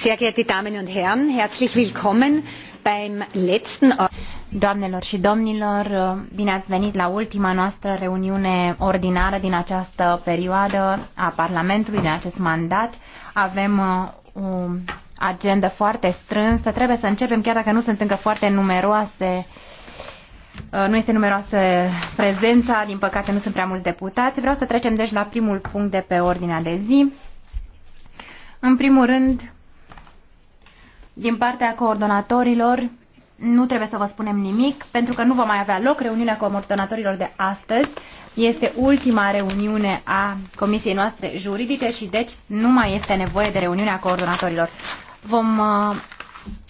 sehr geehrte Damen und Herren, herzlich willkommen beim letzten. Doamnelor și domnilor, bine ați venit la ultima noastră reuniune ordinară din această perioadă a Parlamentului, din acest mandat. Avem uh, o agendă foarte strânsă. Trebuie să începem, chiar dacă nu sunt încă foarte numeroase uh, nu este numeroasă prezența, din păcate nu sunt prea mulți deputați. Vreau să trecem deci la primul punct de pe ordinea de zi. În primul rând, din partea coordonatorilor nu trebuie să vă spunem nimic, pentru că nu va mai avea loc reuniunea coordonatorilor de astăzi. Este ultima reuniune a comisiei noastre juridice și deci nu mai este nevoie de reuniunea coordonatorilor. Vom uh,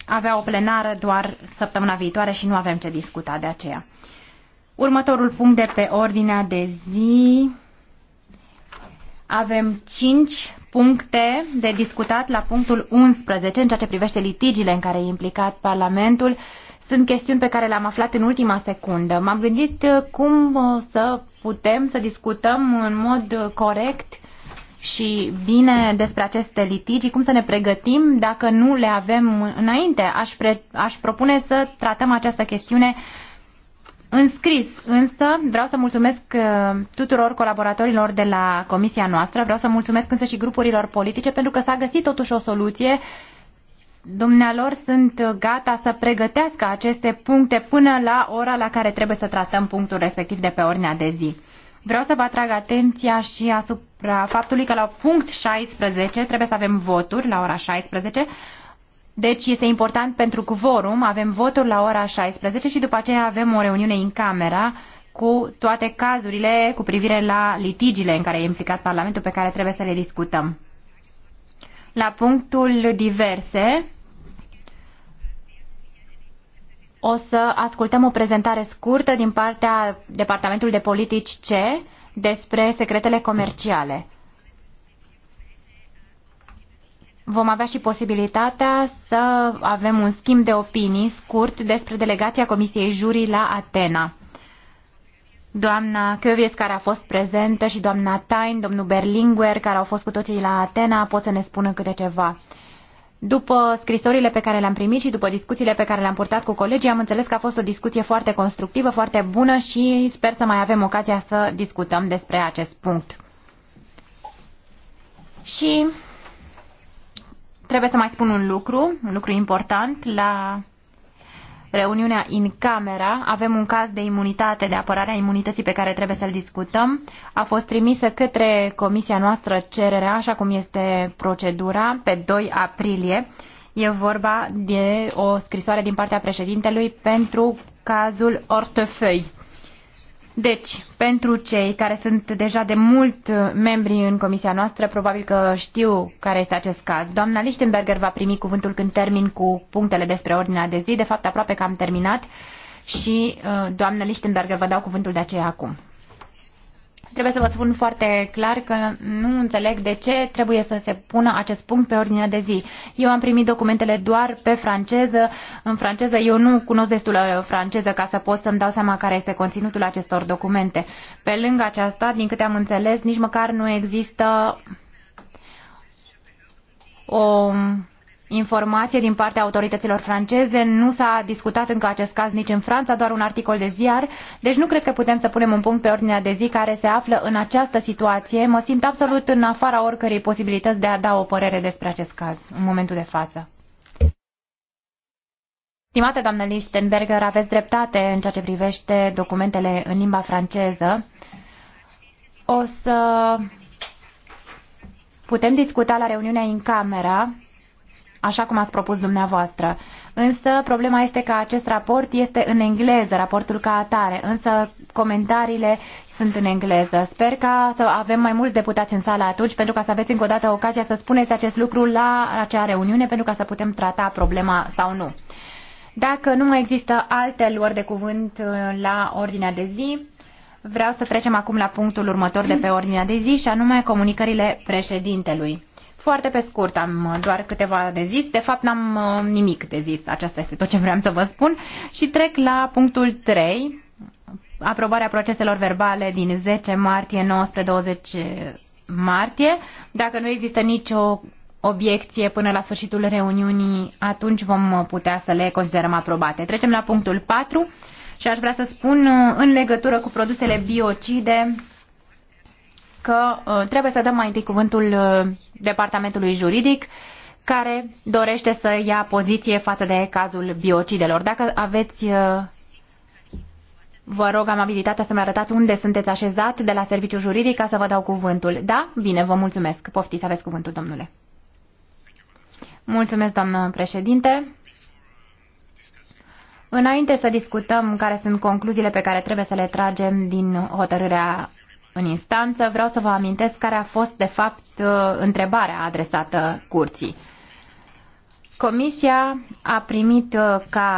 avea o plenară doar săptămâna viitoare și nu avem ce discuta de aceea. Următorul punct de pe ordinea de zi avem cinci puncte de discutat la punctul 11 în ceea ce privește litigiile în care e implicat Parlamentul. Sunt chestiuni pe care le-am aflat în ultima secundă. M-am gândit uh, cum uh, să putem să discutăm în mod corect și bine despre aceste litigi, cum să ne pregătim dacă nu le avem înainte. Aș, pre, aș propune să tratăm această chestiune înscris. Însă vreau să mulțumesc uh, tuturor colaboratorilor de la comisia noastră, vreau să mulțumesc însă și grupurilor politice pentru că s-a găsit totuși o soluție dumnealor sunt gata să pregătească aceste puncte până la ora la care trebuie să tratăm punctul respectiv de pe ordinea de zi. Vreau să vă atrag atenția și asupra faptului că la punct 16 trebuie să avem voturi la ora 16. Deci este important pentru cuvorum, avem voturi la ora 16 și după aceea avem o reuniune în camera cu toate cazurile cu privire la litigiile în care e implicat Parlamentul pe care trebuie să le discutăm. La punctul diverse o să ascultăm o prezentare scurtă din partea Departamentului de Politici C despre secretele comerciale. vom avea și posibilitatea să avem un schimb de opinii scurt despre delegația Comisiei Jurii la Atena. Doamna Căvies, care a fost prezentă, și doamna Tain, domnul Berlinguer, care au fost cu toții la Atena, pot să ne spună câte ceva. După scrisorile pe care le-am primit și după discuțiile pe care le-am purtat cu colegii, am înțeles că a fost o discuție foarte constructivă, foarte bună și sper să mai avem ocazia să discutăm despre acest punct. Și Trebuie să mai spun un lucru, un lucru important. La reuniunea în camera avem un caz de imunitate, de apărare a imunității pe care trebuie să-l discutăm. A fost trimisă către comisia noastră cererea, așa cum este procedura, pe 2 aprilie. E vorba de o scrisoare din partea președintelui pentru cazul Ortefei. Deci, pentru cei care sunt deja de mult uh, membri în comisia noastră, probabil că știu care este acest caz. Doamna Lichtenberger va primi cuvântul când termin cu punctele despre ordinea de zi. De fapt, aproape că am terminat și uh, doamna Lichtenberger vă dau cuvântul de aceea acum. Trebuie să vă spun foarte clar că nu înțeleg de ce trebuie să se pună acest punct pe ordinea de zi. Eu am primit documentele doar pe franceză. În franceză eu nu cunosc destul uh, franceză ca să pot să-mi dau seama care este conținutul acestor documente. Pe lângă aceasta, din câte am înțeles, nici măcar nu există o informație din partea autorităților franceze. Nu s-a discutat încă acest caz nici în Franța, doar un articol de ziar. Deci nu cred că putem să punem un punct pe ordinea de zi care se află în această situație. Mă simt absolut în afara oricărei posibilități de a da o părere despre acest caz în momentul de față. Stimată doamnă Lichtenberger, aveți dreptate în ceea ce privește documentele în limba franceză. O să putem discuta la reuniunea în camera așa cum ați propus dumneavoastră. Însă problema este că acest raport este în engleză, raportul ca atare, însă comentariile sunt în engleză. Sper ca să avem mai mulți deputați în sală atunci pentru ca să aveți încă o dată ocazia să spuneți acest lucru la acea reuniune pentru ca să putem trata problema sau nu. Dacă nu mai există alte luări de cuvânt uh, la ordinea de zi, vreau să trecem acum la punctul următor de pe ordinea de zi și anume comunicările președintelui. Foarte pe scurt, am uh, doar câteva de zis. De fapt, n-am uh, nimic de zis. Aceasta este tot ce vreau să vă spun. Și trec la punctul 3, aprobarea proceselor verbale din 10 martie, 19-20 martie. Dacă nu există nicio obiecție până la sfârșitul reuniunii, atunci vom uh, putea să le considerăm aprobate. Trecem la punctul 4 și aș vrea să spun în legătură cu produsele biocide că uh, trebuie să dăm mai întâi cuvântul uh, departamentului juridic care dorește să ia poziție față de cazul biocidelor. Dacă aveți uh, Vă rog amabilitatea să-mi arătați unde sunteți așezat de la serviciu juridic ca să vă dau cuvântul. Da? Bine, vă mulțumesc. Poftiți, aveți cuvântul, domnule. Mulțumesc, doamnă președinte. Înainte să discutăm care sunt concluziile pe care trebuie să le tragem din hotărârea în instanță, vreau să vă amintesc care a fost, de fapt, uh, întrebarea adresată curții. Comisia a primit uh, ca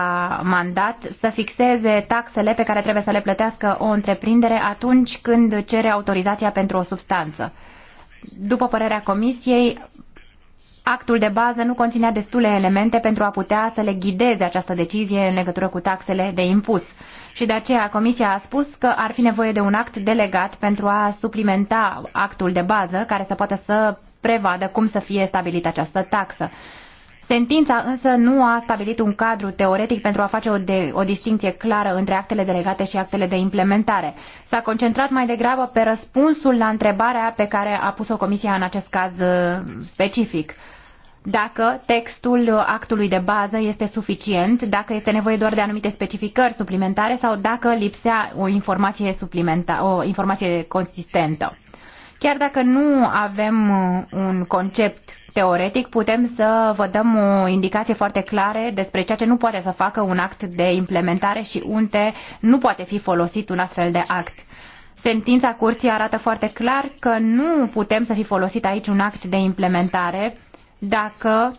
mandat să fixeze taxele pe care trebuie să le plătească o întreprindere atunci când cere autorizația pentru o substanță. După părerea Comisiei, actul de bază nu conținea destule elemente pentru a putea să le ghideze această decizie în legătură cu taxele de impus și de aceea Comisia a spus că ar fi nevoie de un act delegat pentru a suplimenta actul de bază care să poată să prevadă cum să fie stabilită această taxă. Sentința însă nu a stabilit un cadru teoretic pentru a face o, de, o distinție clară între actele delegate și actele de implementare. S-a concentrat mai degrabă pe răspunsul la întrebarea pe care a pus-o Comisia în acest caz uh, specific dacă textul actului de bază este suficient, dacă este nevoie doar de anumite specificări suplimentare sau dacă lipsea o informație, suplimenta- o informație consistentă. Chiar dacă nu avem un concept teoretic, putem să vă dăm o indicație foarte clare despre ceea ce nu poate să facă un act de implementare și unde nu poate fi folosit un astfel de act. Sentința curții arată foarte clar că nu putem să fi folosit aici un act de implementare dacă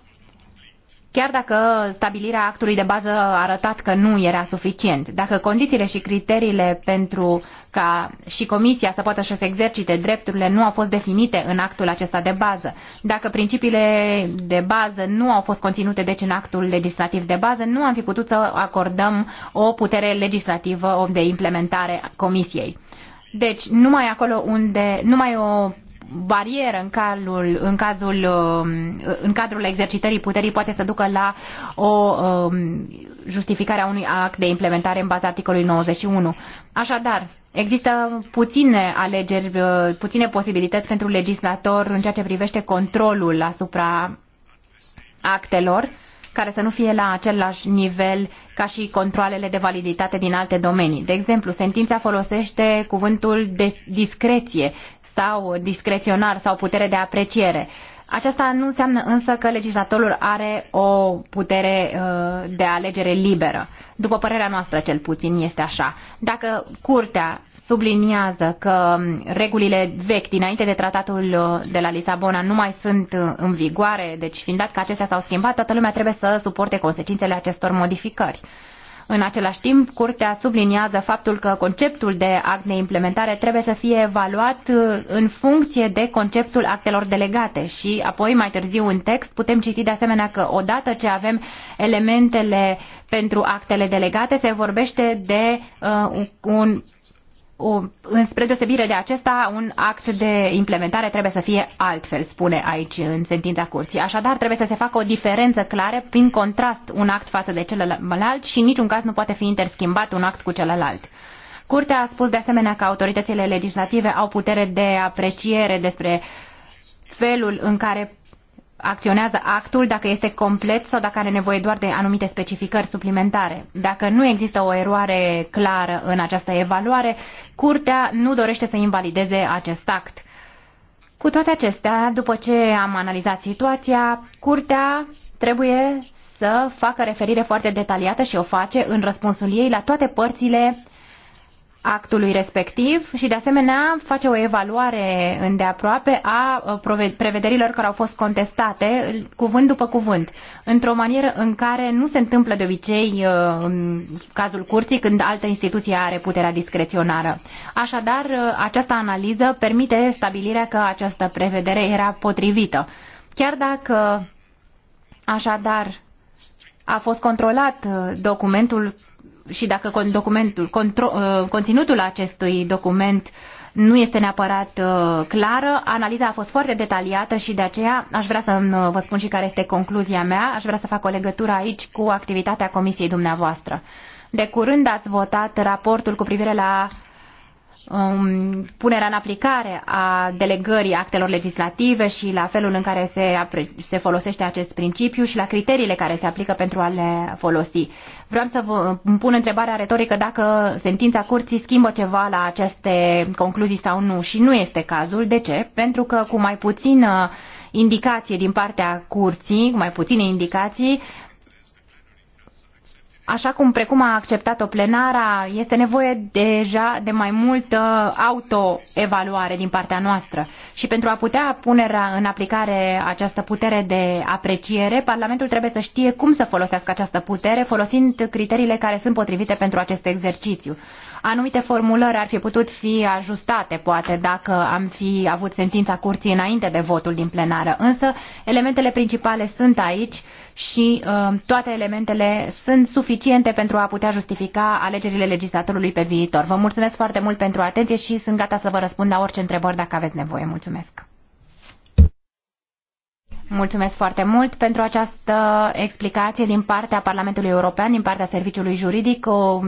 chiar dacă stabilirea actului de bază a arătat că nu era suficient, dacă condițiile și criteriile pentru ca și comisia să poată să-și exercite drepturile nu au fost definite în actul acesta de bază, dacă principiile de bază nu au fost conținute deci în actul legislativ de bază, nu am fi putut să acordăm o putere legislativă de implementare comisiei. Deci, numai acolo unde, numai o barieră în, calul, în, cazul, uh, în cadrul exercitării puterii poate să ducă la o um, justificare a unui act de implementare în baza articolului 91. Așadar, există puține alegeri, uh, puține posibilități pentru legislator în ceea ce privește controlul asupra actelor care să nu fie la același nivel ca și controlele de validitate din alte domenii. De exemplu, sentința folosește cuvântul de discreție sau discreționar sau putere de apreciere. Aceasta nu înseamnă însă că legislatorul are o putere uh, de alegere liberă. După părerea noastră, cel puțin, este așa. Dacă curtea subliniază că um, regulile vechi dinainte de tratatul uh, de la Lisabona nu mai sunt uh, în vigoare, deci fiind dat că acestea s-au schimbat, toată lumea trebuie să suporte consecințele acestor modificări. În același timp, Curtea subliniază faptul că conceptul de act de implementare trebuie să fie evaluat uh, în funcție de conceptul actelor delegate și apoi mai târziu în text putem citi de asemenea că odată ce avem elementele pentru actele delegate se vorbește de uh, un o, înspre deosebire de acesta, un act de implementare trebuie să fie altfel, spune aici în sentința curții. Așadar, trebuie să se facă o diferență clară prin contrast un act față de celălalt și în niciun caz nu poate fi interschimbat un act cu celălalt. Curtea a spus de asemenea că autoritățile legislative au putere de apreciere despre felul în care acționează actul, dacă este complet sau dacă are nevoie doar de anumite specificări suplimentare. Dacă nu există o eroare clară în această evaluare, curtea nu dorește să invalideze acest act. Cu toate acestea, după ce am analizat situația, curtea trebuie să facă referire foarte detaliată și o face în răspunsul ei la toate părțile actului respectiv și de asemenea face o evaluare îndeaproape a uh, prevederilor care au fost contestate cuvânt după cuvânt, într-o manieră în care nu se întâmplă de obicei uh, în cazul curții când altă instituție are puterea discreționară. Așadar, uh, această analiză permite stabilirea că această prevedere era potrivită. Chiar dacă așadar a fost controlat documentul și dacă documentul, contro, uh, conținutul acestui document nu este neapărat uh, clară. Analiza a fost foarte detaliată și de aceea aș vrea să uh, vă spun și care este concluzia mea. Aș vrea să fac o legătură aici cu activitatea comisiei dumneavoastră. De curând ați votat raportul cu privire la um, punerea în aplicare a delegării actelor legislative și la felul în care se, se folosește acest principiu și la criteriile care se aplică pentru a le folosi. Vreau să vă pun întrebarea retorică dacă sentința curții schimbă ceva la aceste concluzii sau nu. Și nu este cazul. De ce? Pentru că cu mai puțină indicație din partea curții, cu mai puține indicații, Așa cum precum a acceptat-o plenara, este nevoie deja de mai multă autoevaluare din partea noastră. Și pentru a putea pune în aplicare această putere de apreciere, Parlamentul trebuie să știe cum să folosească această putere, folosind criteriile care sunt potrivite pentru acest exercițiu. Anumite formulări ar fi putut fi ajustate, poate, dacă am fi avut sentința curții înainte de votul din plenară. Însă, elementele principale sunt aici și uh, toate elementele sunt suficiente pentru a putea justifica alegerile legislatorului pe viitor. Vă mulțumesc foarte mult pentru atenție și sunt gata să vă răspund la orice întrebări dacă aveți nevoie. Mulțumesc! Mulțumesc foarte mult pentru această explicație din partea Parlamentului European, din partea Serviciului Juridic, o,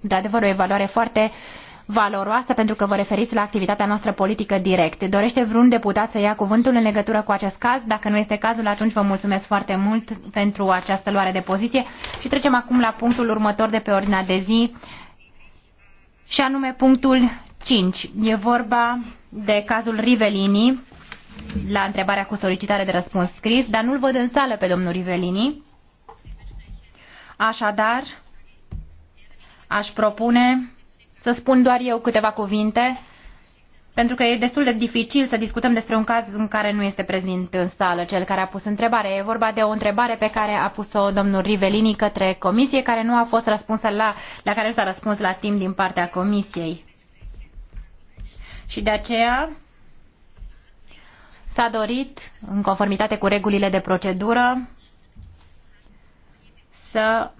de adevăr o evaluare foarte uh, valoroasă pentru că vă referiți la activitatea noastră politică direct. Dorește vreun deputat să ia cuvântul în legătură cu acest caz? Dacă nu este cazul, atunci vă mulțumesc foarte mult pentru această luare de poziție și trecem acum la punctul următor de pe ordinea de zi și anume punctul 5. E vorba de cazul Rivelini la întrebarea cu solicitare de răspuns scris, dar nu-l văd în sală pe domnul Rivelini. Așadar, aș propune să spun doar eu câteva cuvinte, pentru că e destul de dificil să discutăm despre un caz în care nu este prezent în sală cel care a pus întrebare. E vorba de o întrebare pe care a pus-o domnul Rivelini către comisie, care nu a fost răspunsă la, la care s-a răspuns la timp din partea comisiei. Și de aceea s-a dorit, în conformitate cu regulile de procedură, să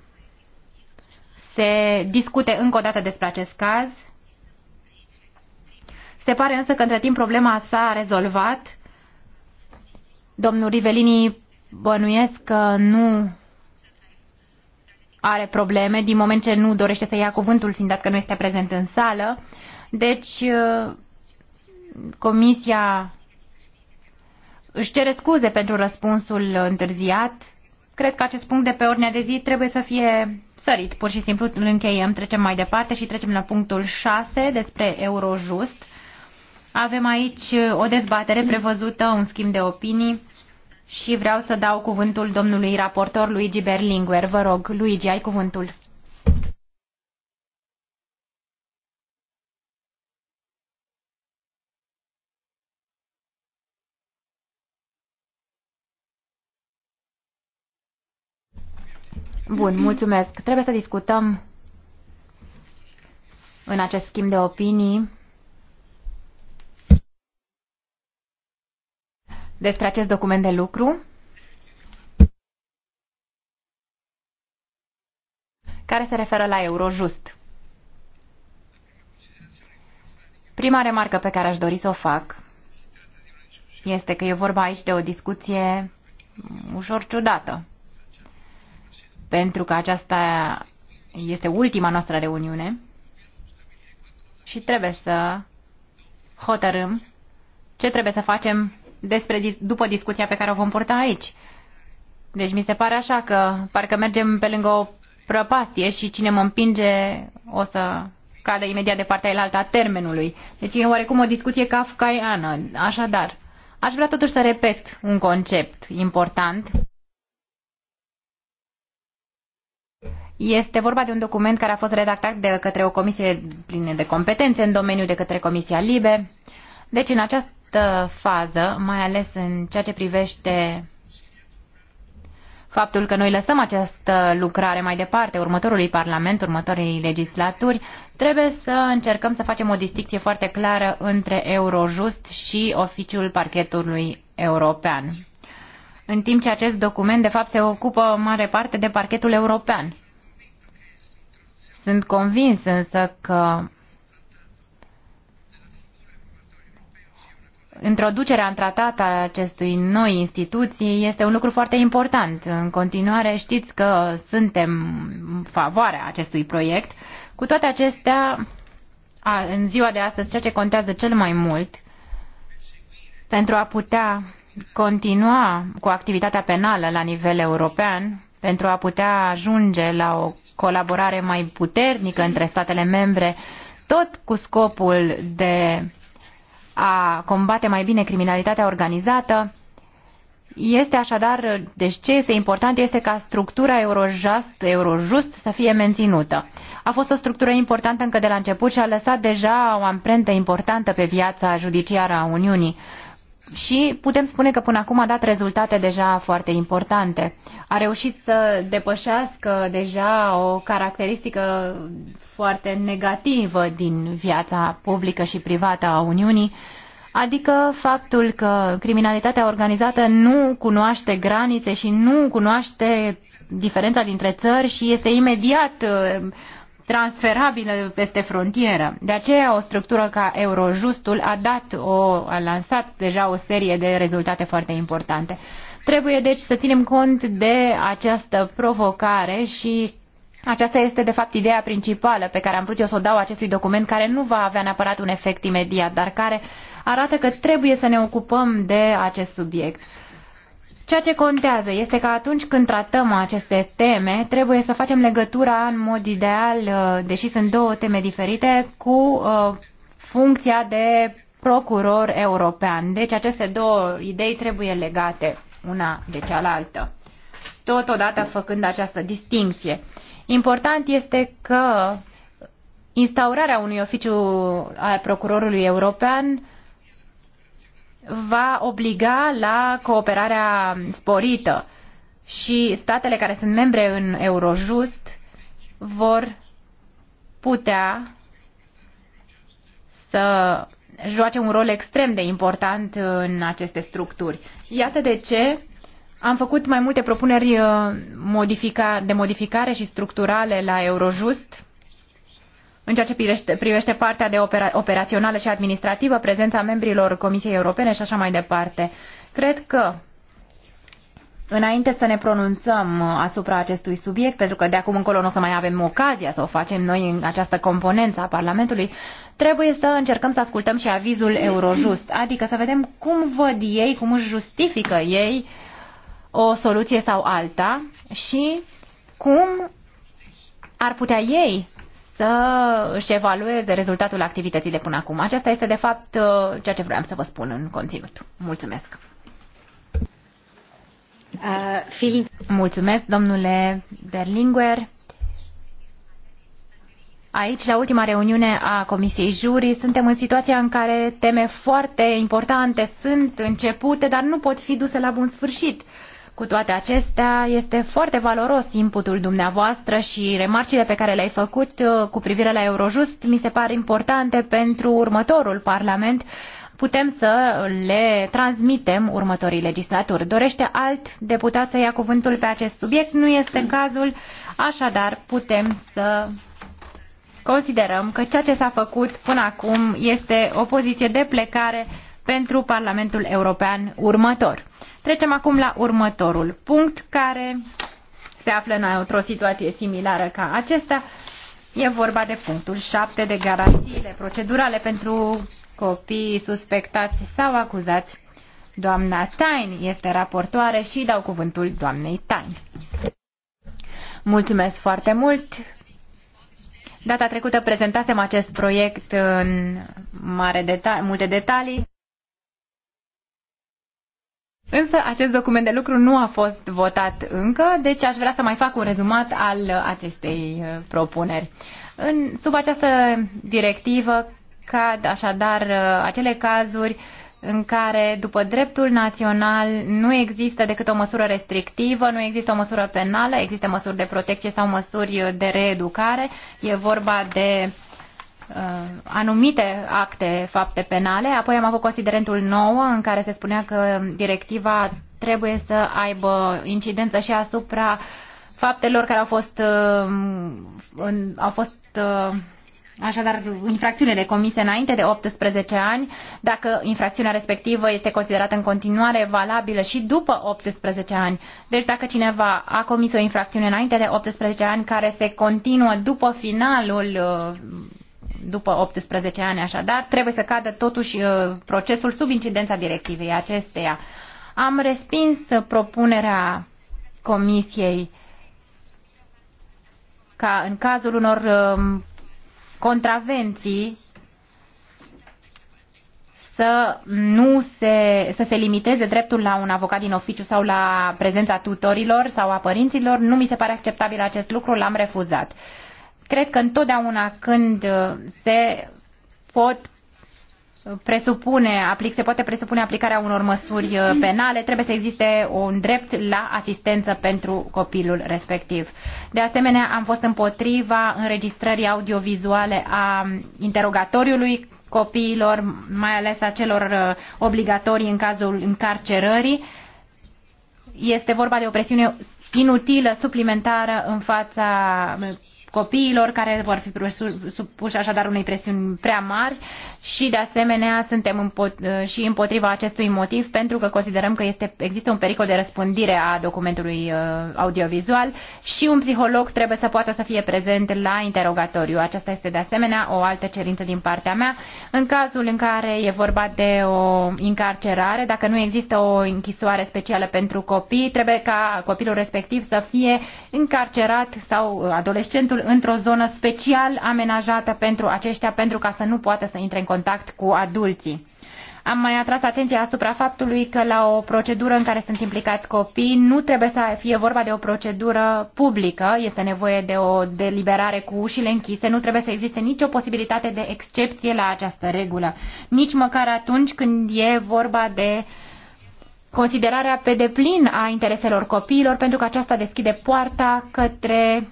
se discute încă o dată despre acest caz. Se pare însă că între timp problema s-a rezolvat. Domnul Rivelini bănuiesc că nu are probleme din moment ce nu dorește să ia cuvântul, fiind dat că nu este prezent în sală. Deci, comisia își cere scuze pentru răspunsul întârziat. Cred că acest punct de pe ordinea de zi trebuie să fie sărit. Pur și simplu îl încheiem, trecem mai departe și trecem la punctul 6 despre Eurojust. Avem aici uh, o dezbatere prevăzută, un schimb de opinii și vreau să dau cuvântul domnului raportor Luigi Berlinguer. Vă rog, Luigi, ai cuvântul. Bun, mulțumesc. Trebuie să discutăm în acest schimb de opinii despre acest document de lucru care se referă la Eurojust. Prima remarcă pe care aș dori să o fac este că e vorba aici de o discuție ușor ciudată pentru că aceasta este ultima noastră reuniune și trebuie să hotărâm ce trebuie să facem despre, după discuția pe care o vom purta aici. Deci mi se pare așa că parcă mergem pe lângă o prăpastie și cine mă împinge o să cadă imediat de partea elaltă a termenului. Deci e oarecum o discuție kafkaiană. Așadar, aș vrea totuși să repet un concept important Este vorba de un document care a fost redactat de către o comisie plină de competențe în domeniu, de către Comisia Libe. Deci, în această fază, mai ales în ceea ce privește faptul că noi lăsăm această lucrare mai departe următorului Parlament, următorii legislaturi, trebuie să încercăm să facem o distinție foarte clară între Eurojust și oficiul parchetului european. În timp ce acest document, de fapt, se ocupă mare parte de parchetul european. Sunt convins însă că introducerea în tratat a acestui noi instituții este un lucru foarte important. În continuare știți că suntem în favoarea acestui proiect. Cu toate acestea, a, în ziua de astăzi, ceea ce contează cel mai mult pentru a putea continua cu activitatea penală la nivel european, pentru a putea ajunge la o colaborare mai puternică între statele membre, tot cu scopul de a combate mai bine criminalitatea organizată. Este așadar, deci ce este important este ca structura Eurojust, Eurojust să fie menținută. A fost o structură importantă încă de la început și a lăsat deja o amprentă importantă pe viața judiciară a Uniunii și putem spune că până acum a dat rezultate deja foarte importante. A reușit să depășească deja o caracteristică foarte negativă din viața publică și privată a Uniunii, adică faptul că criminalitatea organizată nu cunoaște granițe și nu cunoaște diferența dintre țări și este imediat transferabile peste frontieră. De aceea o structură ca Eurojustul a dat o, a lansat deja o serie de rezultate foarte importante. Trebuie deci să ținem cont de această provocare și aceasta este de fapt ideea principală pe care am vrut eu să o dau acestui document care nu va avea neapărat un efect imediat, dar care arată că trebuie să ne ocupăm de acest subiect. Ceea ce contează este că atunci când tratăm aceste teme, trebuie să facem legătura în mod ideal, uh, deși sunt două teme diferite, cu uh, funcția de procuror european. Deci aceste două idei trebuie legate una de cealaltă, totodată făcând această distinție. Important este că instaurarea unui oficiu al procurorului european va obliga la cooperarea sporită și statele care sunt membre în Eurojust vor putea să joace un rol extrem de important în aceste structuri. Iată de ce am făcut mai multe propuneri uh, de modificare și structurale la Eurojust în ceea ce privește, partea de opera, operațională și administrativă, prezența membrilor Comisiei Europene și așa mai departe. Cred că Înainte să ne pronunțăm asupra acestui subiect, pentru că de acum încolo nu o să mai avem ocazia să o facem noi în această componență a Parlamentului, trebuie să încercăm să ascultăm și avizul Eurojust, adică să vedem cum văd ei, cum își justifică ei o soluție sau alta și cum ar putea ei să își evalueze rezultatul activității de până acum. Aceasta este, de fapt, uh, ceea ce vreau să vă spun în conținut. Mulțumesc! Uh, fi... Mulțumesc, domnule Berlinguer. Aici, la ultima reuniune a Comisiei Juri, suntem în situația în care teme foarte importante sunt începute, dar nu pot fi duse la bun sfârșit. Cu toate acestea, este foarte valoros inputul dumneavoastră și remarcile pe care le-ai făcut uh, cu privire la Eurojust mi se par importante pentru următorul Parlament. Putem să le transmitem următorii legislatori. Dorește alt deputat să ia cuvântul pe acest subiect? Nu este cazul, așadar putem să considerăm că ceea ce s-a făcut până acum este o poziție de plecare pentru Parlamentul European următor. Trecem acum la următorul punct care se află în o situație similară ca acesta. E vorba de punctul 7 de garanțiile procedurale pentru copiii suspectați sau acuzați. Doamna Tain este raportoare și dau cuvântul doamnei Tain. Mulțumesc foarte mult! Data trecută prezentasem acest proiect în mare deta- multe detalii. Însă acest document de lucru nu a fost votat încă, deci aș vrea să mai fac un rezumat al acestei uh, propuneri. În, sub această directivă cad așadar uh, acele cazuri în care după dreptul național nu există decât o măsură restrictivă, nu există o măsură penală, există măsuri de protecție sau măsuri de reeducare. E vorba de Uh, anumite acte, fapte penale. Apoi am avut considerentul 9 în care se spunea că directiva trebuie să aibă incidență și asupra faptelor care au fost, uh, în, au fost uh, Așadar, infracțiunile comise înainte de 18 ani, dacă infracțiunea respectivă este considerată în continuare valabilă și după 18 ani. Deci dacă cineva a comis o infracțiune înainte de 18 ani care se continuă după finalul după 18 ani așadar, trebuie să cadă totuși uh, procesul sub incidența directivei acesteia. Am respins propunerea Comisiei ca în cazul unor um, contravenții să nu se, să se limiteze dreptul la un avocat din oficiu sau la prezența tutorilor sau a părinților. Nu mi se pare acceptabil acest lucru, l-am refuzat. Cred că întotdeauna când uh, se pot presupune, aplic, se poate presupune aplicarea unor măsuri uh, penale, trebuie să existe un drept la asistență pentru copilul respectiv. De asemenea, am fost împotriva înregistrării audiovizuale a interogatoriului copiilor, mai ales a celor uh, obligatorii în cazul încarcerării. Este vorba de o presiune inutilă, suplimentară în fața copiilor care vor fi supuși așadar unei presiuni prea mari și de asemenea suntem împot- și împotriva acestui motiv pentru că considerăm că este, există un pericol de răspândire a documentului uh, audiovizual și un psiholog trebuie să poată să fie prezent la interogatoriu. Aceasta este de asemenea o altă cerință din partea mea. În cazul în care e vorba de o încarcerare, dacă nu există o închisoare specială pentru copii, trebuie ca copilul respectiv să fie încarcerat sau uh, adolescentul într-o zonă special amenajată pentru aceștia pentru ca să nu poată să intre în contact cu adulții. Am mai atras atenția asupra faptului că la o procedură în care sunt implicați copii nu trebuie să fie vorba de o procedură publică, este nevoie de o deliberare cu ușile închise, nu trebuie să existe nicio posibilitate de excepție la această regulă, nici măcar atunci când e vorba de considerarea pe deplin a intereselor copiilor, pentru că aceasta deschide poarta către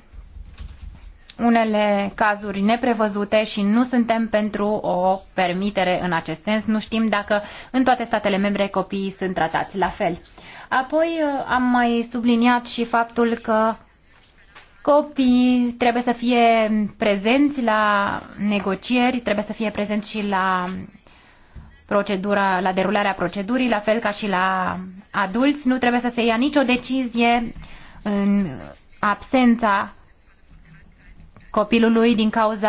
unele cazuri neprevăzute și nu suntem pentru o permitere în acest sens. Nu știm dacă în toate statele membre copiii sunt tratați la fel. Apoi uh, am mai subliniat și faptul că copiii trebuie să fie prezenți la negocieri, trebuie să fie prezenți și la procedura, la derularea procedurii, la fel ca și la adulți. Nu trebuie să se ia nicio decizie în absența copilului din cauza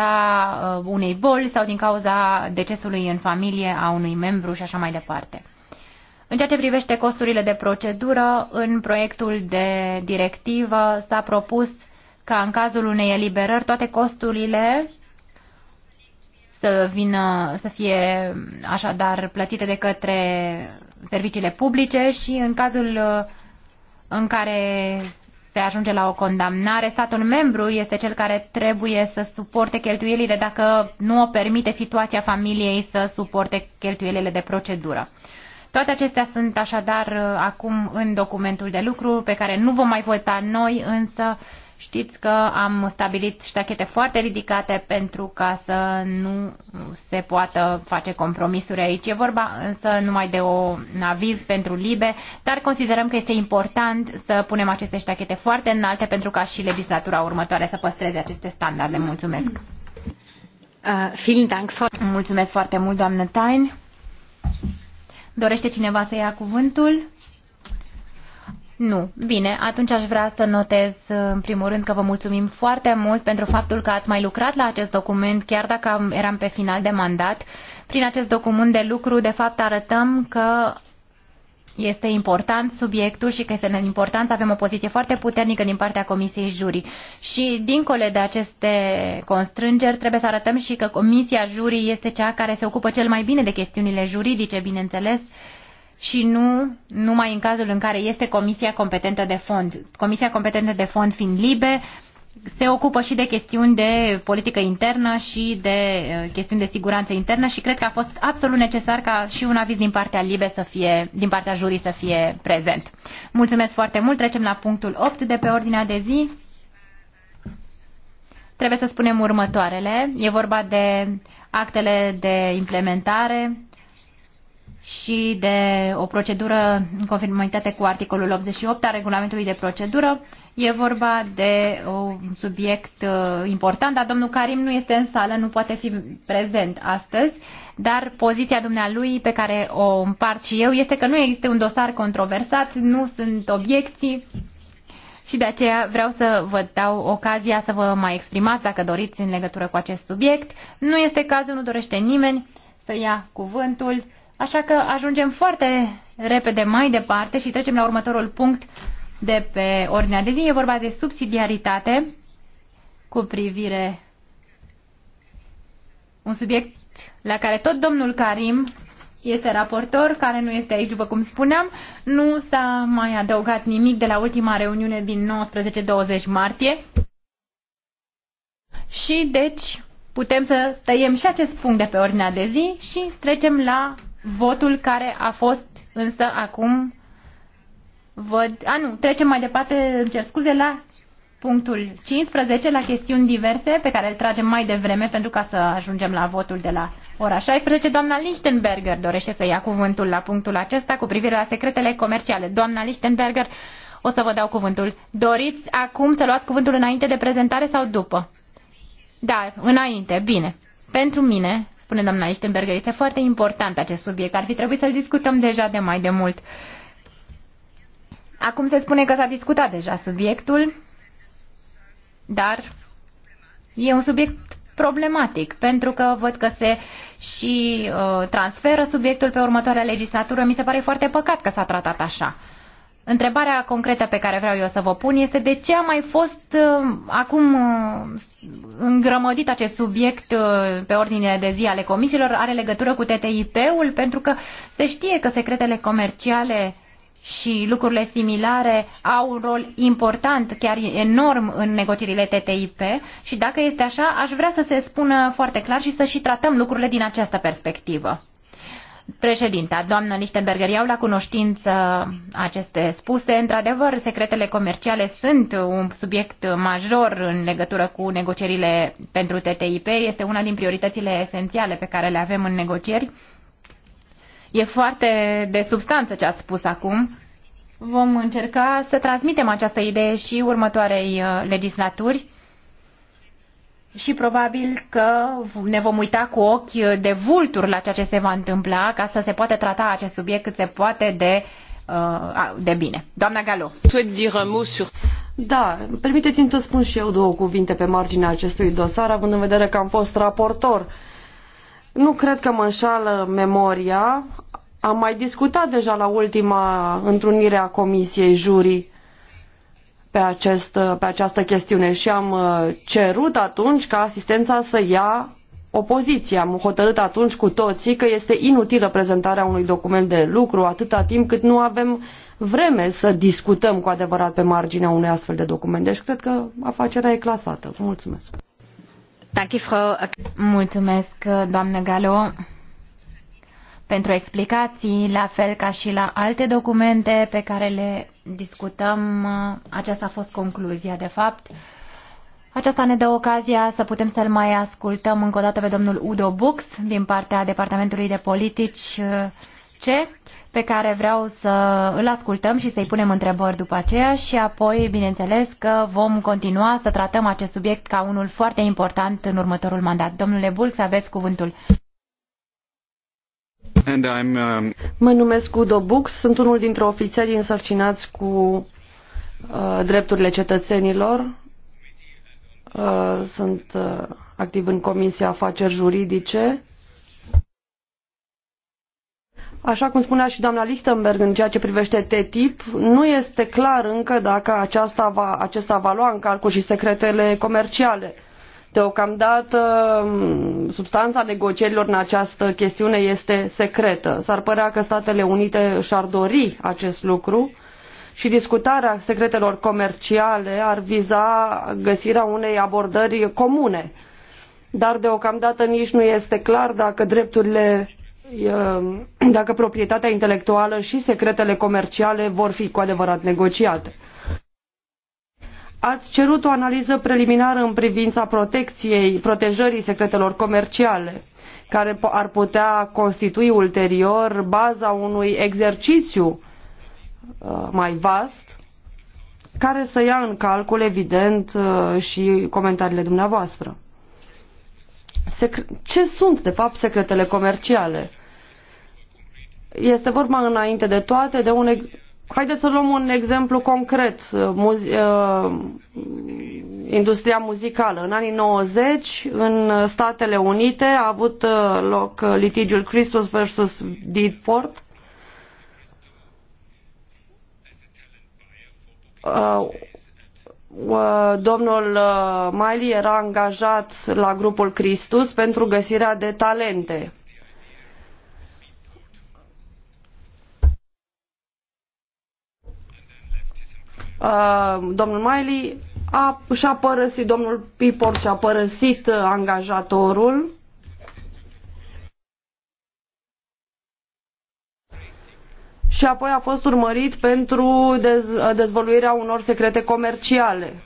uh, unei boli sau din cauza decesului în familie a unui membru și așa mai departe. În ceea ce privește costurile de procedură, în proiectul de directivă s-a propus ca în cazul unei eliberări toate costurile să vină, să fie așadar plătite de către serviciile publice și în cazul uh, în care se ajunge la o condamnare, statul membru este cel care trebuie să suporte cheltuielile dacă nu o permite situația familiei să suporte cheltuielile de procedură. Toate acestea sunt așadar uh, acum în documentul de lucru pe care nu vom mai vota noi, însă Știți că am stabilit ștachete foarte ridicate pentru ca să nu se poată face compromisuri aici. E vorba însă numai de o aviz pentru libe, dar considerăm că este important să punem aceste ștachete foarte înalte pentru ca și legislatura următoare să păstreze aceste standarde. Mulțumesc! Uh, Mulțumesc foarte mult, doamnă Tain. Dorește cineva să ia cuvântul? Nu. Bine, atunci aș vrea să notez uh, în primul rând că vă mulțumim foarte mult pentru faptul că ați mai lucrat la acest document, chiar dacă eram pe final de mandat. Prin acest document de lucru, de fapt, arătăm că este important subiectul și că este important să avem o poziție foarte puternică din partea Comisiei Juri. Și dincolo de aceste constrângeri, trebuie să arătăm și că Comisia Juri este cea care se ocupă cel mai bine de chestiunile juridice, bineînțeles, și nu numai în cazul în care este comisia competentă de fond. Comisia competentă de fond fiind libe, se ocupă și de chestiuni de politică internă și de uh, chestiuni de siguranță internă și cred că a fost absolut necesar ca și un aviz din partea LIBE să fie, din partea jurii să fie prezent. Mulțumesc foarte mult. Trecem la punctul 8 de pe ordinea de zi. Trebuie să spunem următoarele. E vorba de actele de implementare și de o procedură în conformitate cu articolul 88 a regulamentului de procedură. E vorba de un subiect uh, important, dar domnul Karim nu este în sală, nu poate fi prezent astăzi, dar poziția dumnealui pe care o împart și eu este că nu există un dosar controversat, nu sunt obiecții și de aceea vreau să vă dau ocazia să vă mai exprimați dacă doriți în legătură cu acest subiect. Nu este cazul, nu dorește nimeni să ia cuvântul. Așa că ajungem foarte repede mai departe și trecem la următorul punct de pe ordinea de zi. E vorba de subsidiaritate cu privire un subiect la care tot domnul Karim este raportor, care nu este aici, după cum spuneam. Nu s-a mai adăugat nimic de la ultima reuniune din 19-20 martie. Și deci putem să tăiem și acest punct de pe ordinea de zi și trecem la votul care a fost însă acum văd... A, nu, trecem mai departe, îmi cer scuze, la punctul 15, la chestiuni diverse, pe care îl tragem mai devreme pentru ca să ajungem la votul de la ora 16. Doamna Lichtenberger dorește să ia cuvântul la punctul acesta cu privire la secretele comerciale. Doamna Lichtenberger, o să vă dau cuvântul. Doriți acum să luați cuvântul înainte de prezentare sau după? Da, înainte, bine. Pentru mine spune doamna Lichtenberger, este foarte important acest subiect. Ar fi trebuit să-l discutăm deja de mai de mult. Acum se spune că s-a discutat deja subiectul, dar e un subiect problematic, pentru că văd că se și uh, transferă subiectul pe următoarea legislatură. Mi se pare foarte păcat că s-a tratat așa. Uh, Întrebarea concretă pe care vreau eu să vă pun este de ce a mai fost uh, acum uh, îngrămădit acest subiect uh, pe ordine de zi ale comisiilor, are legătură cu TTIP-ul, pentru că se știe că secretele comerciale și lucrurile similare au un rol important, chiar enorm, în negocierile TTIP și dacă este așa, aș vrea să se spună foarte clar și să și tratăm lucrurile din această perspectivă. Președinta, doamnă Lichtenberger, iau la cunoștință aceste spuse. Într-adevăr, secretele comerciale sunt un subiect major în legătură cu negocierile pentru TTIP. Este una din prioritățile esențiale pe care le avem în negocieri. E foarte de substanță ce ați spus acum. Vom încerca să transmitem această idee și următoarei uh, legislaturi și probabil că ne vom uita cu ochi de vulturi la ceea ce se va întâmpla ca să se poate trata acest subiect cât se poate de, uh, de bine. Doamna Galo. Da, permiteți-mi să spun și eu două cuvinte pe marginea acestui dosar, având în vedere că am fost raportor. Nu cred că mă înșală memoria. Am mai discutat deja la ultima întrunire a Comisiei Jurii pe, acest, pe această chestiune și am uh, cerut atunci ca asistența să ia opoziție. Am hotărât atunci cu toții că este inutilă prezentarea unui document de lucru atâta timp cât nu avem vreme să discutăm cu adevărat pe marginea unui astfel de document. Deci cred că afacerea e clasată. Mulțumesc. Mulțumesc, doamnă Galo, pentru explicații, la fel ca și la alte documente pe care le discutăm, uh, aceasta a fost concluzia, de fapt. Aceasta ne dă ocazia să putem să-l mai ascultăm încă o dată pe domnul Udo Bux din partea Departamentului de Politici uh, C, pe care vreau să îl ascultăm și să-i punem întrebări după aceea și apoi, bineînțeles, că vom continua să tratăm acest subiect ca unul foarte important în următorul mandat. Domnule Bux, aveți cuvântul. And I'm, um... Mă numesc Udo Bux, sunt unul dintre ofițerii însărcinați cu uh, drepturile cetățenilor. Uh, sunt uh, activ în Comisia Afaceri Juridice. Așa cum spunea și doamna Lichtenberg în ceea ce privește TTIP, nu este clar încă dacă aceasta va, acesta va lua în calcul și secretele comerciale. Deocamdată, substanța negocierilor în această chestiune este secretă. S-ar părea că Statele Unite și-ar dori acest lucru și discutarea secretelor comerciale ar viza găsirea unei abordări comune. Dar deocamdată nici nu este clar dacă drepturile dacă proprietatea intelectuală și secretele comerciale vor fi cu adevărat negociate. Ați cerut o analiză preliminară în privința protecției, protejării secretelor comerciale, care ar putea constitui ulterior baza unui exercițiu uh, mai vast, care să ia în calcul, evident, uh, și comentariile dumneavoastră. Ce sunt, de fapt, secretele comerciale? Este vorba, înainte de toate, de un Haideți să luăm un exemplu concret, uh, muzi, uh, industria muzicală. În anii 90, în Statele Unite, a avut uh, loc uh, litigiul Christus versus Deedport. Uh, domnul Miley era angajat la grupul Christus pentru găsirea de talente Uh, domnul Miley a, și-a părăsit, domnul Pipor și-a părăsit uh, angajatorul. Și apoi a fost urmărit pentru dez, uh, dezvăluirea unor secrete comerciale.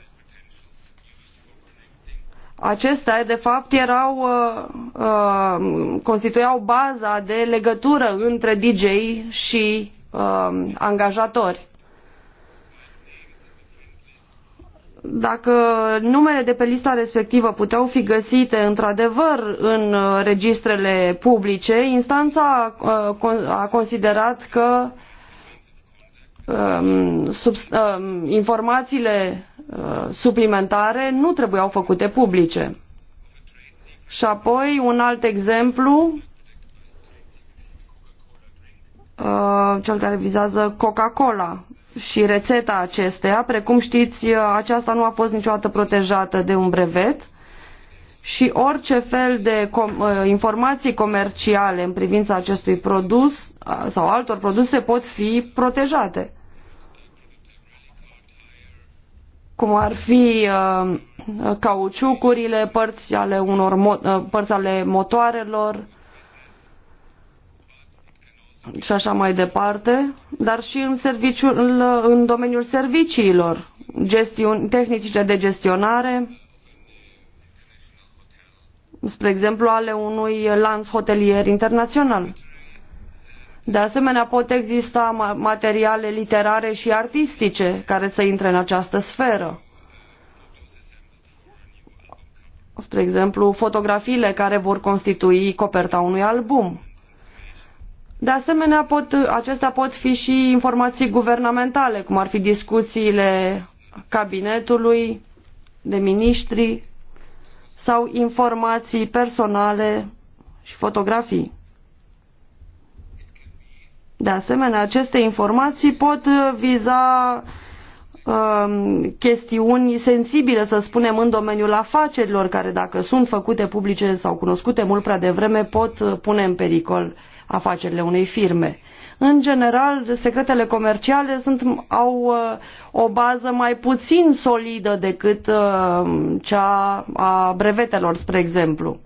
Acestea, de fapt, erau, uh, uh, constituiau baza de legătură între DJ și uh, angajatori. dacă numele de pe lista respectivă puteau fi găsite într-adevăr în uh, registrele publice, instanța uh, a considerat că um, um, informațiile uh, suplimentare nu trebuiau făcute publice. Și apoi un alt exemplu, cel care vizează Coca-Cola și rețeta acesteia. Precum știți, aceasta nu a fost niciodată protejată de un brevet și orice fel de com- uh, informații comerciale în privința acestui produs uh, sau altor produse pot fi protejate. cum ar fi uh, cauciucurile, părți ale, unor mo- uh, părți ale motoarelor, și așa mai departe, dar și în, serviciu, în, în domeniul serviciilor, gestiun, tehnicile de gestionare, spre exemplu ale unui lanț hotelier internațional. De asemenea, pot exista materiale literare și artistice care să intre în această sferă. Spre exemplu, fotografiile care vor constitui coperta unui album. De asemenea, pot, acestea pot fi și informații guvernamentale, cum ar fi discuțiile cabinetului, de miniștri sau informații personale și fotografii. De asemenea, aceste informații pot viza um, chestiuni sensibile, să spunem, în domeniul afacerilor, care dacă sunt făcute publice sau cunoscute mult prea devreme, pot uh, pune în pericol uh, afacerile unei firme. În general, secretele comerciale sunt, au uh, o bază mai puțin solidă decât uh, cea a brevetelor, spre exemplu.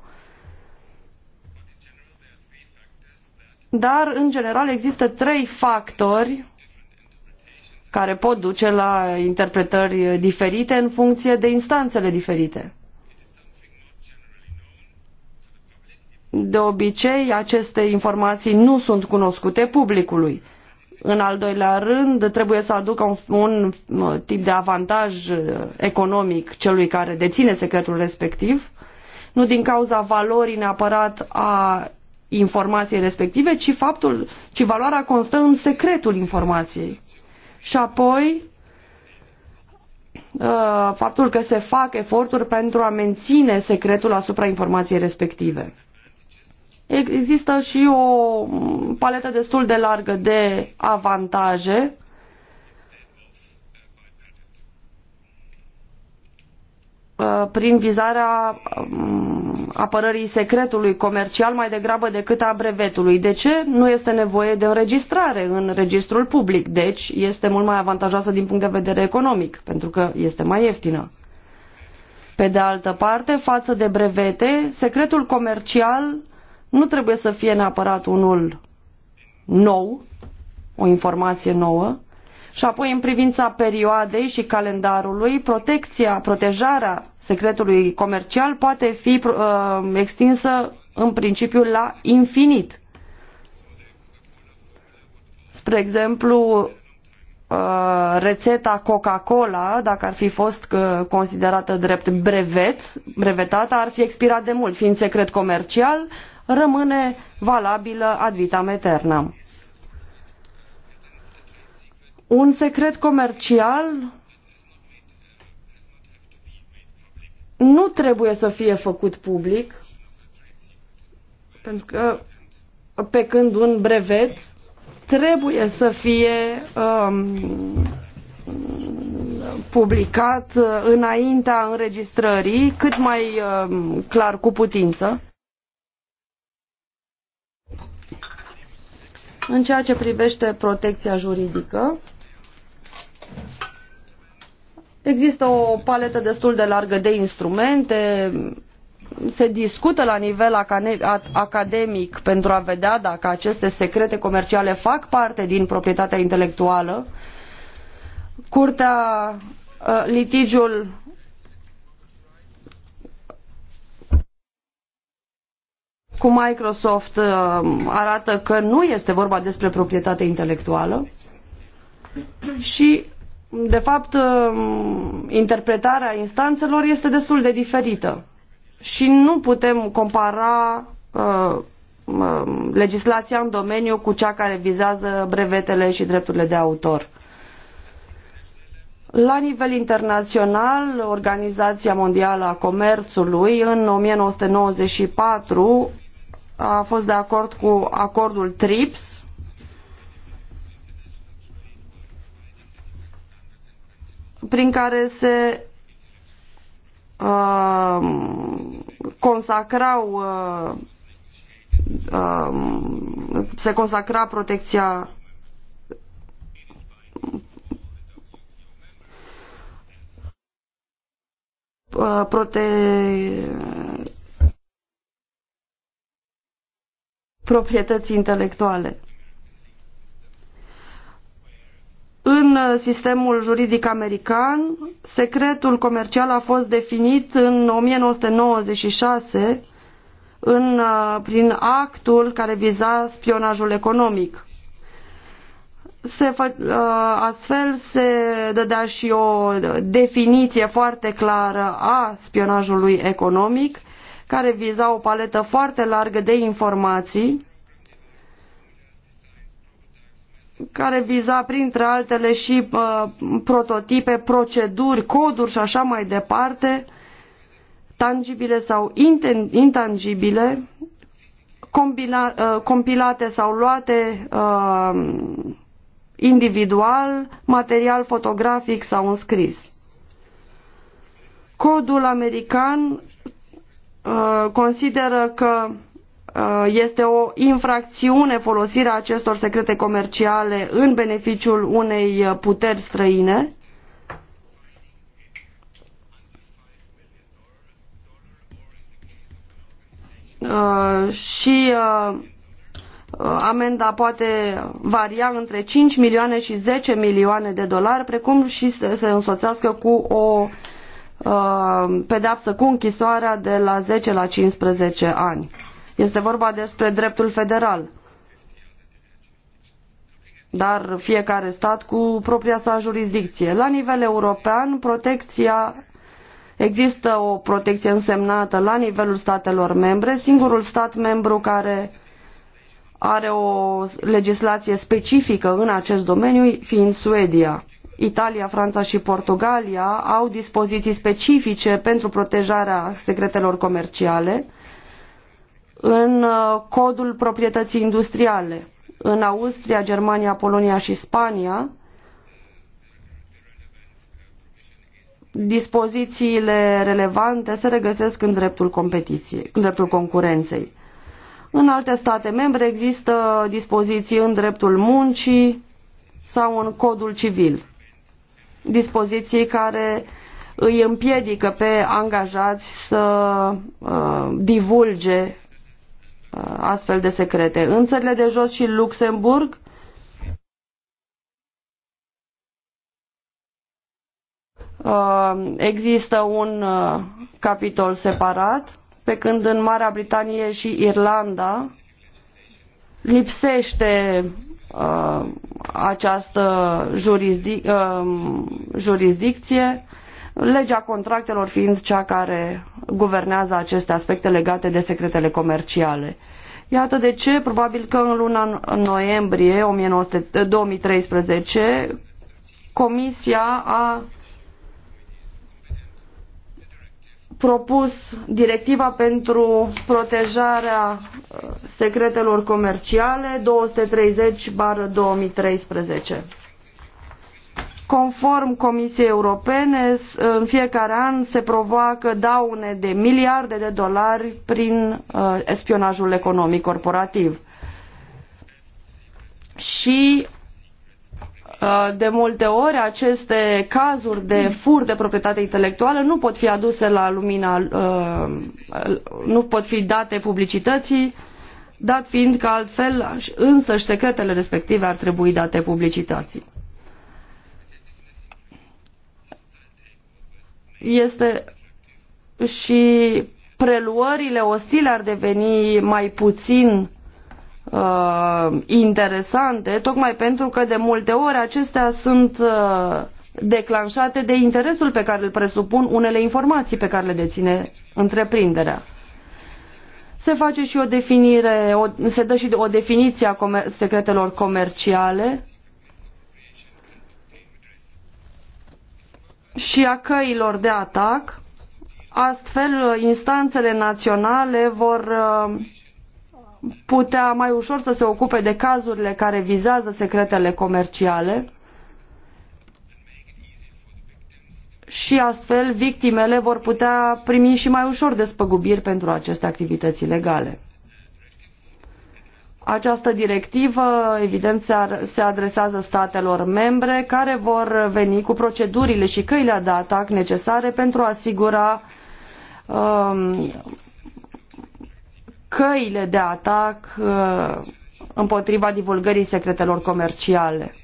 Dar, în general, există trei factori care pot duce la interpretări diferite în funcție de instanțele diferite. De obicei, aceste informații nu sunt cunoscute publicului. În al doilea rând, trebuie să aducă un, un uh, tip de avantaj uh, economic celui care deține secretul respectiv, nu din cauza valorii neapărat a informației respective, ci faptul, ci valoarea constă în secretul informației. Și apoi uh, faptul că se fac eforturi pentru a menține secretul asupra informației respective. Există și o paletă destul de largă de avantaje uh, prin vizarea um, apărării secretului comercial mai degrabă decât a brevetului. De ce? Nu este nevoie de înregistrare în registrul public, deci este mult mai avantajoasă din punct de vedere economic, pentru că este mai ieftină. Pe de altă parte, față de brevete, secretul comercial nu trebuie să fie neapărat unul nou, o informație nouă, și apoi în privința perioadei și calendarului, protecția, protejarea secretului comercial poate fi uh, extinsă în principiu la infinit. Spre exemplu, uh, rețeta Coca-Cola, dacă ar fi fost uh, considerată drept brevet, brevetată, ar fi expirat de mult, fiind secret comercial, rămâne valabilă ad vitam aeternam. Un secret comercial nu trebuie să fie făcut public, pentru că pe când un brevet trebuie să fie um, publicat uh, înaintea înregistrării, cât mai um, clar cu putință. În ceea ce privește protecția juridică, există o paletă destul de largă de instrumente, se discută la nivel academic pentru a vedea dacă aceste secrete comerciale fac parte din proprietatea intelectuală. Curtea, ă, litigiul cu Microsoft uh, arată că nu este vorba despre proprietate intelectuală și, de fapt, uh, interpretarea instanțelor este destul de diferită și nu putem compara uh, uh, legislația în domeniu cu cea care vizează brevetele și drepturile de autor. La nivel internațional, Organizația Mondială a Comerțului în 1994 a fost de acord cu acordul TRIPS, prin care se uh, consacrau uh, uh, se consacra protecția uh, prote proprietății intelectuale. În sistemul juridic american, secretul comercial a fost definit în 1996 în, uh, prin actul care viza spionajul economic. Se, uh, astfel se dădea și o definiție foarte clară a spionajului economic care viza o paletă foarte largă de informații care viza printre altele și uh, prototipe, proceduri, coduri și așa mai departe, tangibile sau intangibile, combina, uh, compilate sau luate uh, individual, material fotografic sau înscris. Codul american Uh, consideră că uh, este o infracțiune folosirea acestor secrete comerciale în beneficiul unei uh, puteri străine. și amenda poate varia între 5 milioane și 10 milioane de dolari, precum și să se însoțească cu o Uh, pedeapsă cu închisoarea de la 10 la 15 ani. Este vorba despre dreptul federal. Dar fiecare stat cu propria sa jurisdicție. La nivel european, protecția există o protecție însemnată la nivelul statelor membre. Singurul stat membru care are o legislație specifică în acest domeniu fiind Suedia. Italia, Franța și Portugalia au dispoziții specifice pentru protejarea secretelor comerciale în uh, codul proprietății industriale. În Austria, Germania, Polonia și Spania dispozițiile relevante se regăsesc în dreptul competiției, în dreptul concurenței. În alte state membre există dispoziții în dreptul muncii sau în codul civil dispoziții care îi împiedică pe angajați să uh, divulge uh, astfel de secrete. În țările de jos și Luxemburg, uh, există un uh, capitol separat, pe când în Marea Britanie și Irlanda lipsește uh, această jurisdic, uh, jurisdicție, legea contractelor fiind cea care guvernează aceste aspecte legate de secretele comerciale. Iată de ce, probabil că în luna noiembrie 2013, Comisia a propus directiva pentru protejarea uh, secretelor comerciale 230-2013. Conform Comisiei Europene, în fiecare an se provoacă daune de miliarde de dolari prin uh, espionajul economic corporativ. Și Uh, de multe ori aceste cazuri de fur de proprietate intelectuală nu pot fi aduse la lumina, uh, nu pot fi date publicității, dat fiind că altfel însăși secretele respective ar trebui date publicității. Este și preluările ostile ar deveni mai puțin uh, interesante, tocmai pentru că de multe ori acestea sunt uh, declanșate de interesul pe care îl presupun unele informații pe care le deține întreprinderea. Se face și o definire, o, se dă și o definiție a comer secretelor comerciale și a căilor de atac. Astfel, uh, instanțele naționale vor uh, putea mai ușor să se ocupe de cazurile care vizează secretele comerciale și astfel victimele vor putea primi și mai ușor despăgubiri pentru aceste activități ilegale. Această directivă, evident, se adresează statelor membre care vor veni cu procedurile și căile de atac necesare pentru a asigura um, căile de atac uh, împotriva divulgării secretelor comerciale.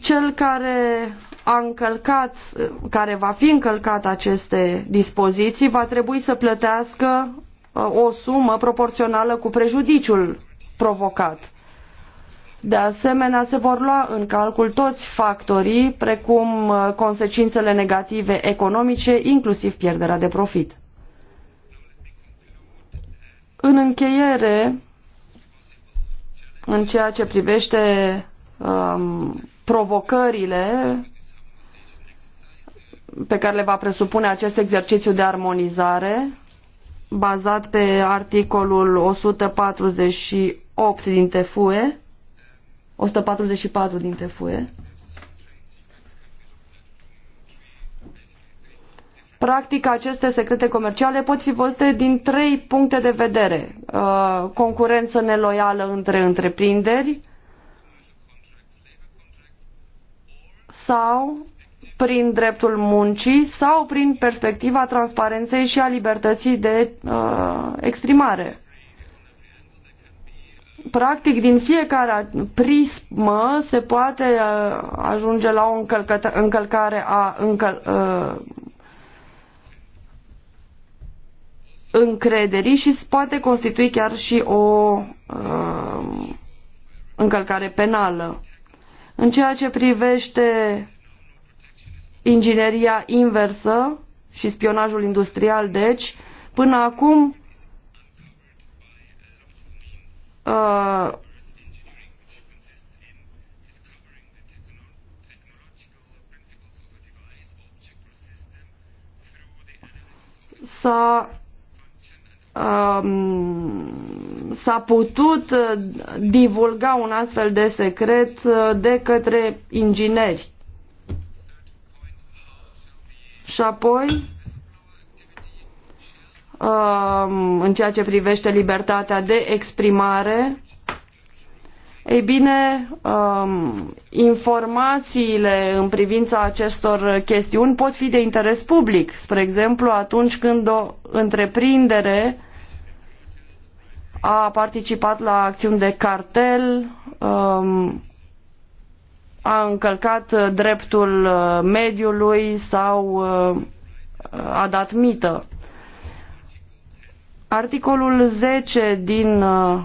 Cel care a încălcat, uh, care va fi încălcat aceste dispoziții, va trebui să plătească uh, o sumă proporțională cu prejudiciul provocat. De asemenea, se vor lua în calcul toți factorii, precum consecințele negative economice, inclusiv pierderea de profit. În încheiere, în ceea ce privește um, provocările pe care le va presupune acest exercițiu de armonizare, bazat pe articolul 148 din TFUE, 144 din TFUE, Practic, aceste secrete comerciale pot fi văzute din trei puncte de vedere. Uh, concurență neloială între întreprinderi sau prin dreptul muncii sau prin perspectiva transparenței și a libertății de uh, exprimare. Practic, din fiecare prismă se poate uh, ajunge la o încălcare a încăl, uh, încrederii și poate constitui chiar și o uh, încălcare penală. În ceea ce privește ingineria inversă și spionajul industrial, deci, până acum uh, s-a Um, s-a putut uh, divulga un astfel de secret uh, de către ingineri. Și apoi, um, în ceea ce privește libertatea de exprimare, ei bine, um, informațiile în privința acestor chestiuni pot fi de interes public. Spre exemplu, atunci când o întreprindere a participat la acțiuni de cartel, um, a încălcat dreptul uh, mediului sau uh, a dat mită. Articolul 10 din uh,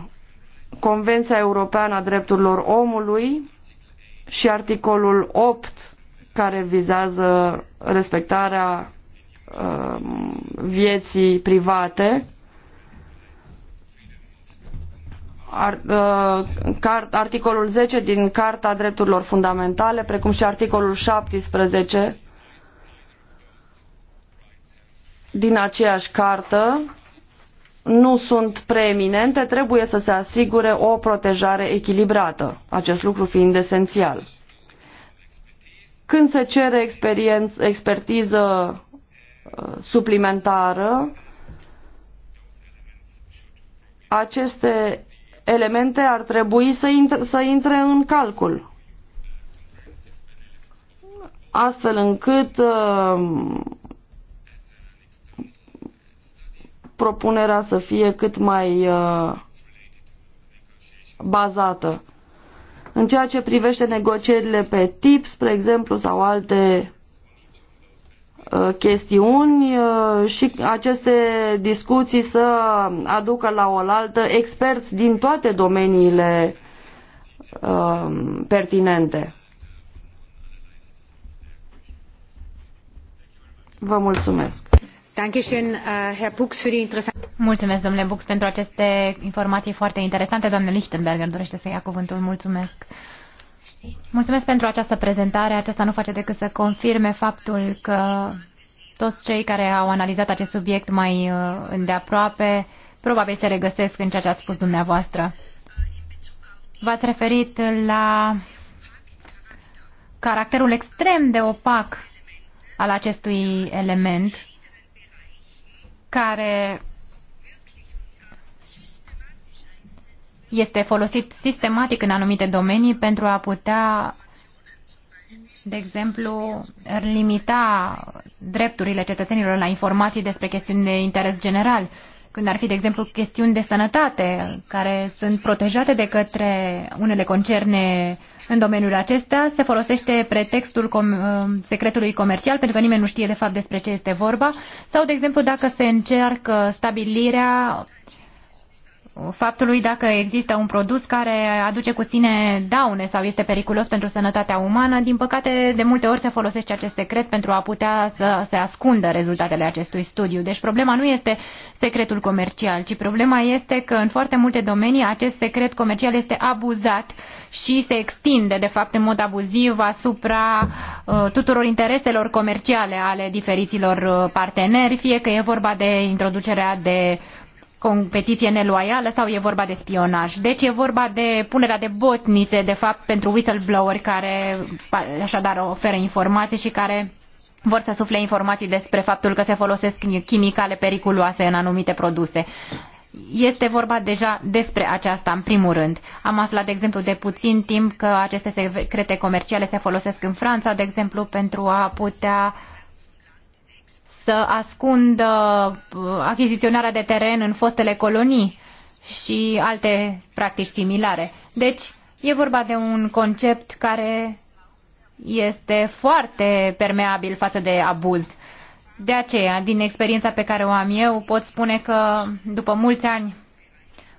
Convenția Europeană a Drepturilor Omului și articolul 8 care vizează respectarea um, vieții private Uh, articolul 10 din Carta Drepturilor Fundamentale, precum și articolul 17 din aceeași cartă, nu sunt preeminente, trebuie să se asigure o protejare echilibrată, acest lucru fiind esențial. Când se cere expertiză uh, suplimentară, aceste elemente ar trebui să intre, să intre în calcul. Astfel încât uh, propunerea să fie cât mai uh, bazată. În ceea ce privește negocierile pe tip, spre exemplu, sau alte Uh, chestiuni uh, și aceste discuții să aducă la oaltă experți din toate domeniile uh, pertinente. Vă mulțumesc. Mulțumesc, domnule Bux, pentru aceste informații foarte interesante. Doamne Lichtenberger dorește să ia cuvântul. Mulțumesc. Mulțumesc pentru această prezentare. Aceasta nu face decât să confirme faptul că toți cei care au analizat acest subiect mai uh, îndeaproape probabil se regăsesc în ceea ce ați spus dumneavoastră. V-ați referit la caracterul extrem de opac al acestui element care este folosit sistematic în anumite domenii pentru a putea, de exemplu, limita drepturile cetățenilor la informații despre chestiuni de interes general când ar fi, de exemplu, chestiuni de sănătate care sunt protejate de către unele concerne în domeniul acesta, se folosește pretextul com- uh, secretului comercial pentru că nimeni nu știe de fapt despre ce este vorba sau, de exemplu, dacă se încearcă stabilirea faptului dacă există un produs care aduce cu sine daune sau este periculos pentru sănătatea umană. Din păcate, de multe ori se folosește acest secret pentru a putea să se ascundă rezultatele acestui studiu. Deci problema nu este secretul comercial, ci problema este că în foarte multe domenii acest secret comercial este abuzat și se extinde, de fapt, în mod abuziv asupra uh, tuturor intereselor comerciale ale diferiților uh, parteneri, fie că e vorba de introducerea de competiție neloială sau e vorba de spionaj. Deci e vorba de punerea de botnițe, de fapt, pentru whistleblower care așadar oferă informații și care vor să sufle informații despre faptul că se folosesc chimicale periculoase în anumite produse. Este vorba deja despre aceasta, în primul rând. Am aflat, de exemplu, de puțin timp că aceste secrete comerciale se folosesc în Franța, de exemplu, pentru a putea uh, să ascundă uh, achiziționarea de teren în fostele colonii și alte practici similare. Deci, e vorba de un concept care este foarte permeabil față de abuz. De aceea, din experiența pe care o am eu, pot spune că după mulți ani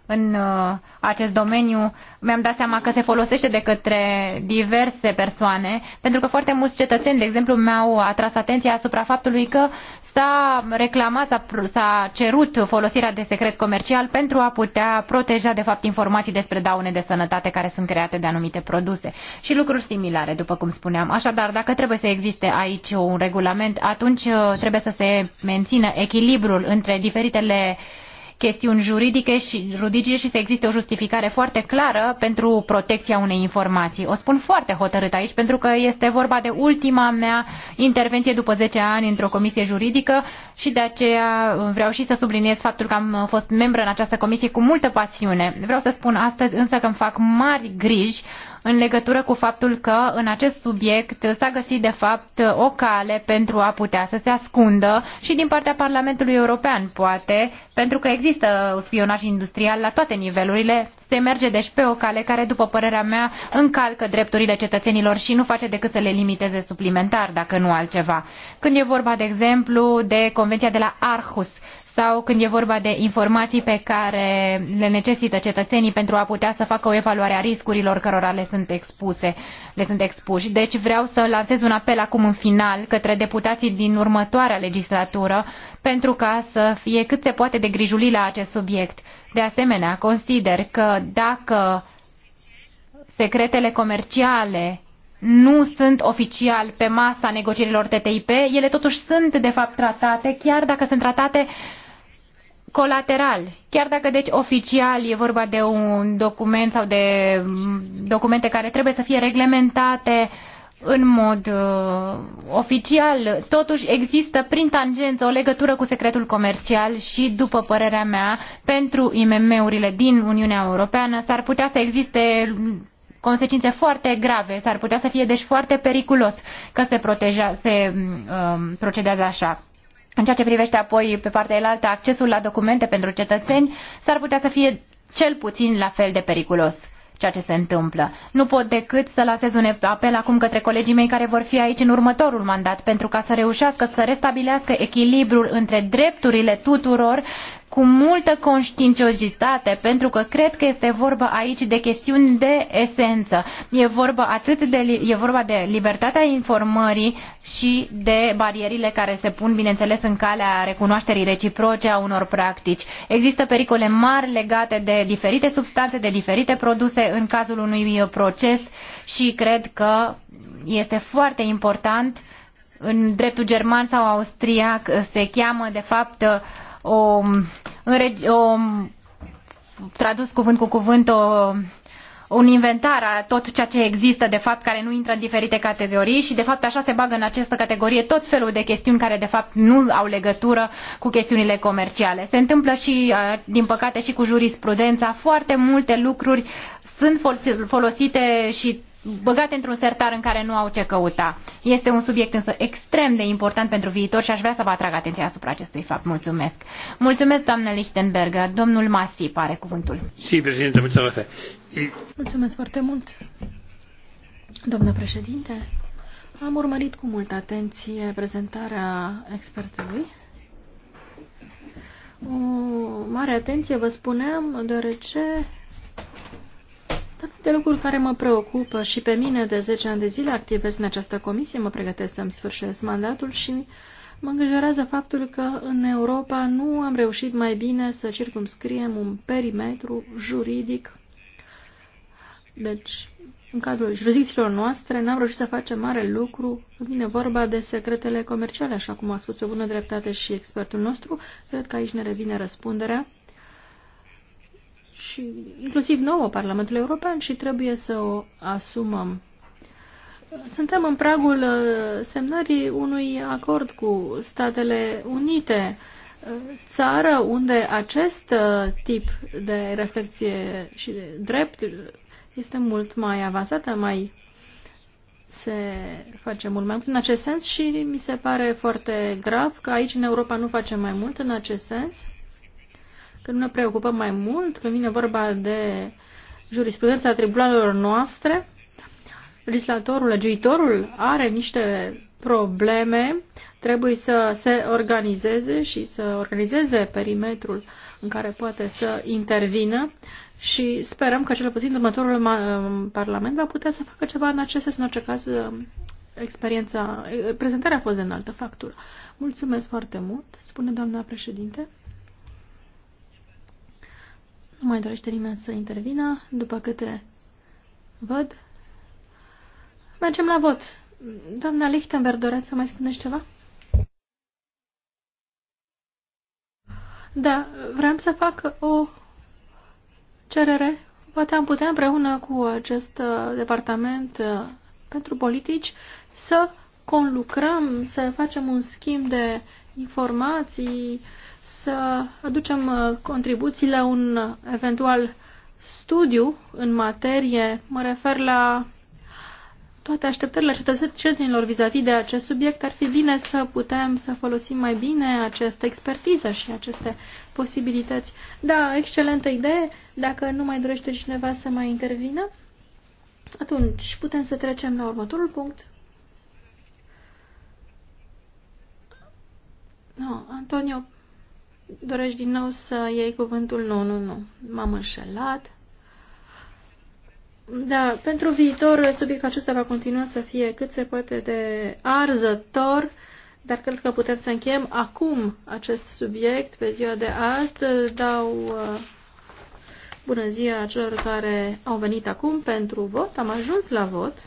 în uh, acest domeniu, mi-am dat seama că se folosește de către diverse persoane, pentru că foarte mulți cetățeni, de exemplu, mi-au atras atenția asupra faptului că s-a reclamat, s-a cerut folosirea de secret comercial pentru a putea proteja, de fapt, informații despre daune de sănătate care sunt create de anumite produse și lucruri similare, după cum spuneam. Așadar, dacă trebuie să existe aici un regulament, atunci uh, trebuie să se mențină echilibrul între diferitele uh, chestiuni juridice și juridice și să existe o justificare foarte clară pentru protecția unei informații. O spun foarte hotărât aici pentru că este vorba de ultima mea intervenție după 10 ani într-o comisie juridică și de aceea vreau și să subliniez faptul că am fost membră în această comisie cu multă pasiune. Vreau să spun astăzi însă că îmi fac mari griji în legătură cu faptul că în acest subiect s-a găsit de fapt o cale pentru a putea să se ascundă și din partea Parlamentului European, poate, pentru că există spionaj industrial la toate nivelurile, se merge deci pe o cale care, după părerea mea, încalcă drepturile cetățenilor și nu face decât să le limiteze suplimentar, dacă nu altceva. Când e vorba, de exemplu, de Convenția de la Arhus sau când e vorba de informații pe care le necesită cetățenii pentru a putea să facă o evaluare a riscurilor cărora le sunt expuse, le sunt expuși. Deci vreau să lansez un apel acum în final către deputații din următoarea legislatură pentru ca să fie cât se poate de grijuli la acest subiect. De asemenea, consider că dacă secretele comerciale nu sunt oficial pe masa negocierilor TTIP, ele totuși sunt de fapt tratate, chiar dacă sunt tratate colateral. Chiar dacă deci oficial e vorba de un document sau de documente care trebuie să fie reglementate uh, în mod uh, oficial. Totuși există prin tangență o legătură cu secretul comercial și, după părerea mea, pentru IMM-urile din Uniunea Europeană s-ar putea să existe consecințe foarte grave, s-ar putea să fie deci foarte periculos că se, proteja, se uh, procedează așa. În ceea ce privește apoi pe partea elaltă accesul la documente pentru cetățeni, s-ar putea să fie cel puțin la fel de periculos ceea ce se întâmplă. Nu pot decât să lasez un apel acum către colegii mei care vor fi aici în următorul mandat pentru ca să reușească să restabilească echilibrul între drepturile tuturor cu multă conștiinciozitate, pentru că cred că este vorba aici de chestiuni de esență. E vorba, atât de, e vorba de libertatea informării și de barierile care se pun, bineînțeles, în calea recunoașterii reciproce a unor practici. Există pericole mari legate de diferite substanțe, de diferite produse în cazul unui uh, proces și cred că este foarte important în dreptul german sau austriac se cheamă de fapt uh, o o, tradus cuvânt cu cuvânt o un inventar a tot ceea ce există, de fapt, care nu intră în diferite categorii și, de fapt, așa se bagă în această categorie tot felul de chestiuni care, de fapt, nu au legătură cu chestiunile comerciale. Se întâmplă și, din păcate, și cu jurisprudența. Foarte multe lucruri sunt folosite și băgate într-un sertar în care nu au ce căuta. Este un subiect însă extrem de important pentru viitor și aș vrea să vă atrag atenția asupra acestui fapt. Mulțumesc. Mulțumesc, doamnă Lichtenberger. Domnul Masi are cuvântul. Si, președinte, mulțumesc. Mulțumesc foarte mult. Doamnă președinte, am urmărit cu multă atenție prezentarea expertului. O mare atenție, vă spuneam, deoarece sunt de lucruri care mă preocupă și pe mine de 10 ani de zile activez în această comisie, mă pregătesc să-mi sfârșesc mandatul și mă îngrijorează faptul că în Europa nu am reușit mai bine să circumscriem un perimetru juridic. Deci, în cadrul jurisdicțiilor noastre, n-am reușit să facem mare lucru vine vorba de secretele comerciale, așa cum a spus pe bună dreptate și expertul nostru. Cred că aici ne revine răspunderea și inclusiv nouă Parlamentul European și trebuie să o asumăm. Suntem în pragul uh, semnării unui acord cu Statele Unite, uh, țară unde acest uh, tip de reflexie și de drept este mult mai avansată, mai se face mult mai mult în acest sens și mi se pare foarte grav că aici în Europa nu facem mai mult în acest sens. Când ne preocupăm mai mult, când vine vorba de jurisprudența tribunalelor noastre, legislatorul, legiuitorul are niște probleme, trebuie să se organizeze și să organizeze perimetrul în care poate să intervină și sperăm că cel puțin următorul um, Parlament va putea să facă ceva în acest sens. În orice caz, um, experiența, prezentarea a fost de înaltă factură. Mulțumesc foarte mult, spune doamna președinte. Nu mai dorește nimeni să intervină, după câte văd. Mergem la vot. Doamna Lichtenberg, doreți să mai spuneți ceva? Da, vreau să fac o cerere. Poate am putea împreună cu acest uh, departament uh, pentru politici să conlucrăm, să facem un schimb de informații, uh, să aducem uh, contribuții la un eventual studiu în materie. Mă refer la toate așteptările cetățenilor vis-a-vis -vis de acest subiect. Ar fi bine să putem să folosim mai bine această expertiză și aceste posibilități. Da, excelentă idee. Dacă nu mai dorește cineva să mai intervină, atunci putem să trecem la următorul punct. No, Antonio Dorești din nou să iei cuvântul? Nu, nu, nu. M-am înșelat. Da, pentru viitor subiectul acesta va continua să fie cât se poate de arzător, dar cred că putem să încheiem acum acest subiect pe ziua de azi. Dau uh, bună ziua celor care au venit acum pentru vot. Am ajuns la vot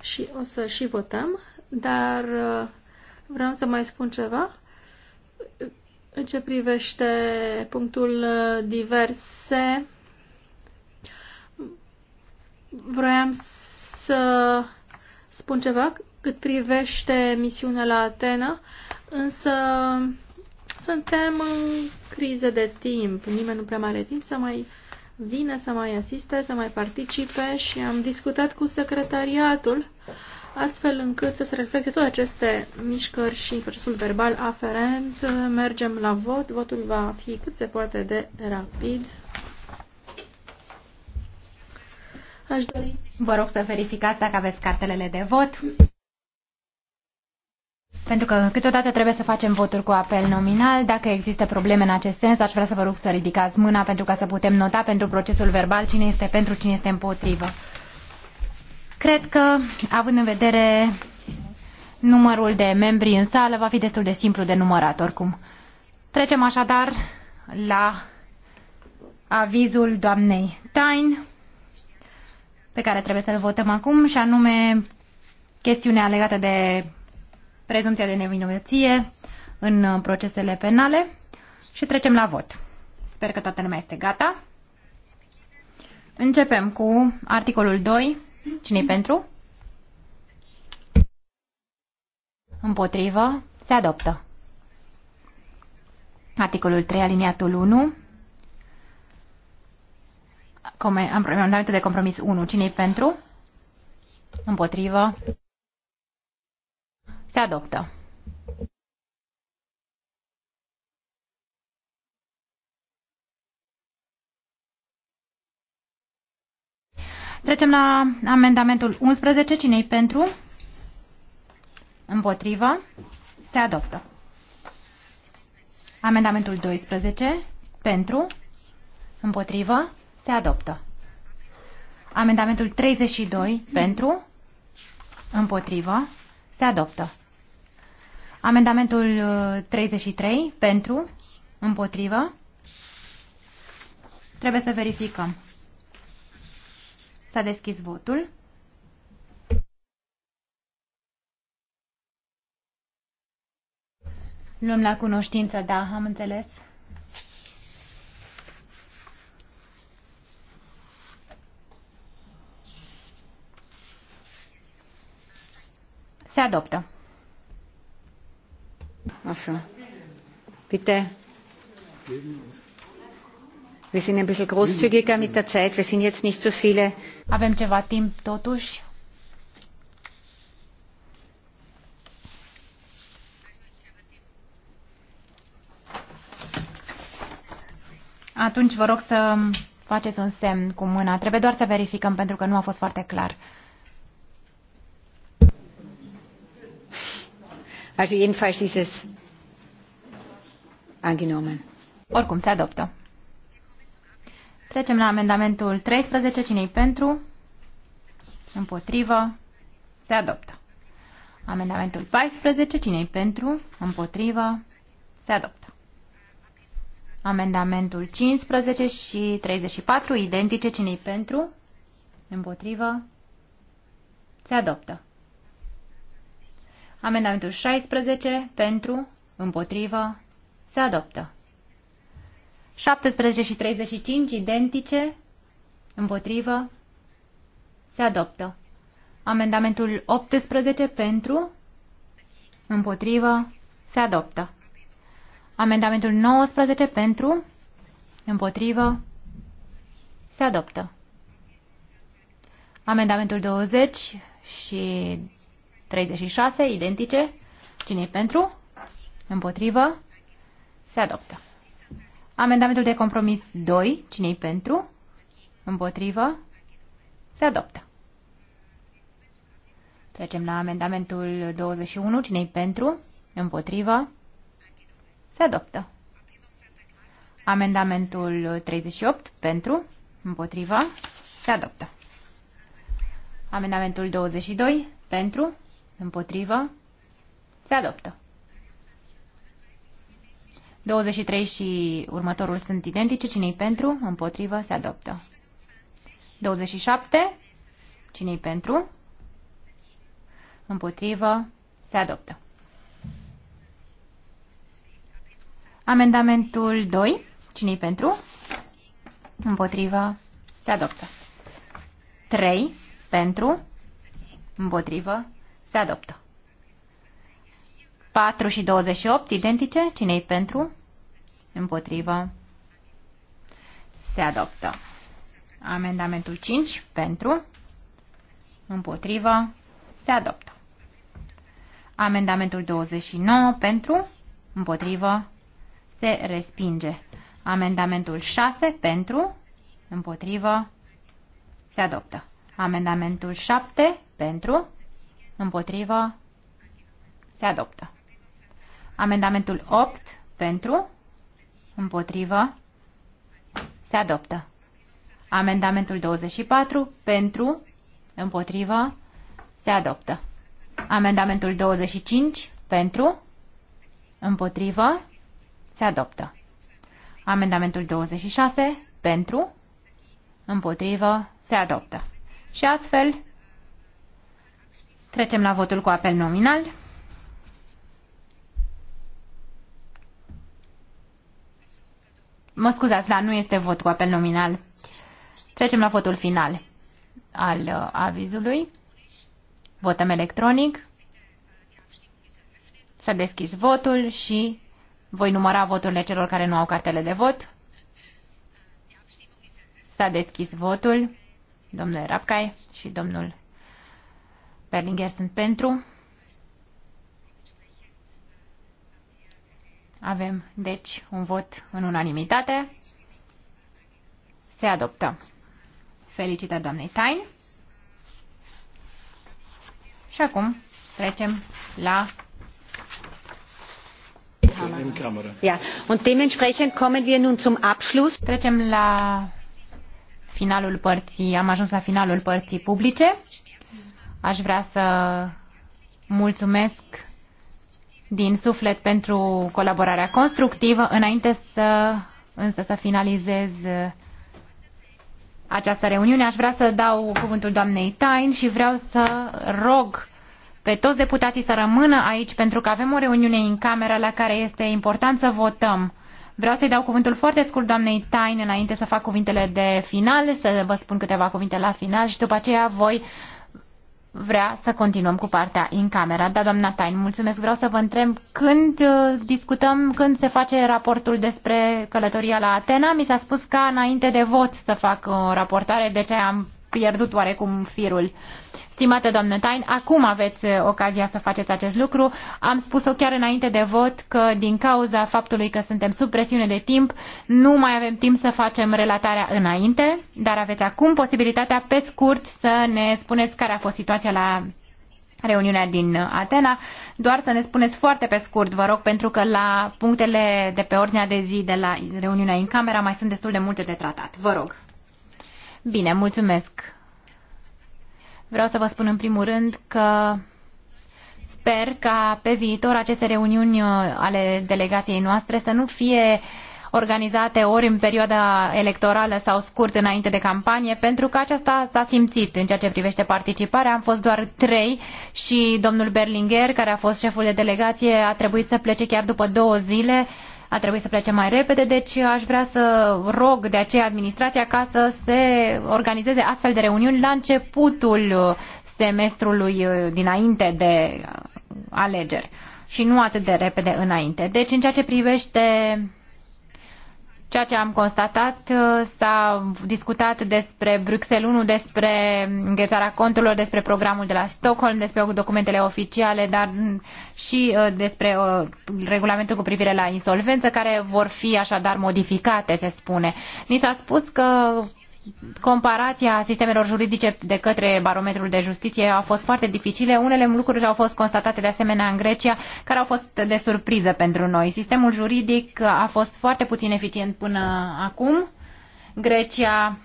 și o să și votăm, dar uh, vreau să mai spun ceva în ce privește punctul uh, diverse, vroiam să spun ceva cât privește misiunea la Atena, însă suntem în criză de timp. Nimeni nu prea mai are timp să mai vină, să mai asiste, să mai participe și am discutat cu secretariatul astfel încât să se reflecte toate aceste mișcări și procesul verbal aferent. Mergem la vot. Votul va fi cât se poate de rapid. Aș dori. Vă rog să verificați dacă aveți cartelele de vot. Pentru că câteodată trebuie să facem voturi cu apel nominal. Dacă există probleme în acest sens, aș vrea să vă rog să ridicați mâna pentru ca să putem nota pentru procesul verbal cine este pentru, cine este împotrivă. Cred că, având în vedere numărul de membri în sală, va fi destul de simplu de numărat oricum. Trecem așadar la avizul doamnei Tain, pe care trebuie să-l votăm acum, și anume chestiunea legată de prezumția de nevinovăție în procesele penale și trecem la vot. Sper că toată lumea este gata. Începem cu articolul 2 cine pentru? Împotrivă. Se adoptă. Articolul 3, aliniatul 1. Amendamentul de compromis 1. cine pentru? Împotrivă. Se adoptă. Trecem la amendamentul 11. Cine-i pentru? Împotrivă. Se adoptă. Amendamentul 12. Pentru. Împotrivă. Se adoptă. Amendamentul 32. Pentru. Împotrivă. Se adoptă. Amendamentul 33. Pentru. Împotrivă. Trebuie să verificăm. S-a deschis votul. Luăm la cunoștință, da, am înțeles. Se adoptă. Așa. Pite. Wir sind ein bisschen großzügiger mit der Zeit. Wir sind jetzt nicht so viele. Avem ceva timp totuși. Atunci vă rog să faceți un semn cu mâna. Trebuie doar să verificăm pentru că nu a fost foarte clar. Also jedenfalls ist es angenommen. Oricum se adoptă. Trecem la amendamentul 13. Cine-i pentru? Împotrivă? Se adoptă. Amendamentul 14. Cine-i pentru? Împotrivă? Se adoptă. Amendamentul 15 și 34, identice, cine-i pentru? Împotrivă? Se adoptă. Amendamentul 16, pentru, împotrivă, se adoptă. 17 și 35 identice, împotrivă, se adoptă. Amendamentul 18 pentru, împotrivă, se adoptă. Amendamentul 19 pentru, împotrivă, se adoptă. Amendamentul 20 și 36, identice, cine pentru, împotrivă, se adoptă. Amendamentul de compromis 2. Cine-i pentru? Împotrivă? Se adoptă. Trecem la amendamentul 21. Cine-i pentru? Împotrivă? Se adoptă. Amendamentul 38. Pentru? Împotrivă? Se adoptă. Amendamentul 22. Pentru? Împotrivă? Se adoptă. 23 și următorul sunt identice. Cine-i pentru? Împotrivă. Se adoptă. 27. Cine-i pentru? Împotrivă. Se adoptă. Amendamentul 2. Cine-i pentru? Împotrivă. Se adoptă. 3. Pentru. Împotrivă. Se adoptă. 4 și 28 identice. Cine-i pentru? Împotrivă. Se adoptă. Amendamentul 5 pentru. Împotrivă. Se adoptă. Amendamentul 29 pentru. Împotrivă. Se respinge. Amendamentul 6 pentru. Împotrivă. Se adoptă. Amendamentul 7 pentru. Împotrivă. Se adoptă. Amendamentul 8 pentru, împotrivă, se adoptă. Amendamentul 24 pentru, împotrivă, se adoptă. Amendamentul 25 pentru, împotrivă, se adoptă. Amendamentul 26 pentru, împotrivă, se adoptă. Și astfel, trecem la votul cu apel nominal. Mă scuzați, dar nu este vot cu apel nominal. Trecem la votul final al uh, avizului. Votăm electronic. S-a deschis votul și voi număra voturile celor care nu au cartele de vot. S-a deschis votul. Domnule Rapcai și domnul Berlinger sunt pentru. Avem, deci, un vot în unanimitate. Se adoptă. Felicitări doamnei Tain. Și acum trecem la Ja, und dementsprechend kommen wir nun zum Abschluss. Trecem la finalul părții, am ajuns la finalul părții publice. Aș vrea să mulțumesc din suflet pentru colaborarea constructivă. Înainte să însă să finalizez uh, această reuniune, aș vrea să dau cuvântul doamnei Tain și vreau să rog pe toți deputații să rămână aici pentru că avem o reuniune în cameră la care este important să votăm. Vreau să-i dau cuvântul foarte scurt doamnei Tain înainte să fac cuvintele de final, să vă spun câteva cuvinte la final și după aceea voi vrea să continuăm cu partea în camera. Da, doamna Tain, mulțumesc. Vreau să vă întreb când uh, discutăm, când se face raportul despre călătoria la Atena. Mi s-a spus ca înainte de vot să fac o uh, raportare, deci am pierdut oarecum firul. Stimată doamnă Tain, acum aveți uh, ocazia să faceți acest lucru. Am spus-o chiar înainte de vot că din cauza faptului că suntem sub presiune de timp, nu mai avem timp să facem relatarea înainte, dar aveți acum posibilitatea pe scurt să ne spuneți care a fost situația la reuniunea din uh, Atena. Doar să ne spuneți foarte pe scurt, vă rog, pentru că la punctele de pe ordinea de zi de la reuniunea în camera mai sunt destul de multe de tratat. Vă rog. Bine, mulțumesc. Vreau să vă spun în primul rând că sper ca pe viitor aceste reuniuni uh, ale delegației noastre să nu fie organizate ori în perioada electorală sau scurt înainte de campanie, pentru că aceasta s-a simțit în ceea ce privește participarea. Am fost doar trei și domnul Berlinger, care a fost șeful de delegație, a trebuit să plece chiar după două zile a trebuit să plece mai repede, deci aș vrea să rog de aceea administrația ca să se organizeze astfel de reuniuni la începutul semestrului dinainte de alegeri și nu atât de repede înainte. Deci în ceea ce privește Ceea ce am constatat uh, s-a discutat despre Bruxelles 1, despre înghețarea conturilor, despre programul de la Stockholm, despre documentele oficiale, dar și uh, despre uh, regulamentul cu privire la insolvență, care vor fi așadar modificate, se spune. Ni s-a spus că comparația sistemelor juridice de către barometrul de justiție a fost foarte dificile. Unele lucruri au fost constatate de asemenea în Grecia, care au fost de surpriză pentru noi. Sistemul juridic a fost foarte puțin eficient până acum. Grecia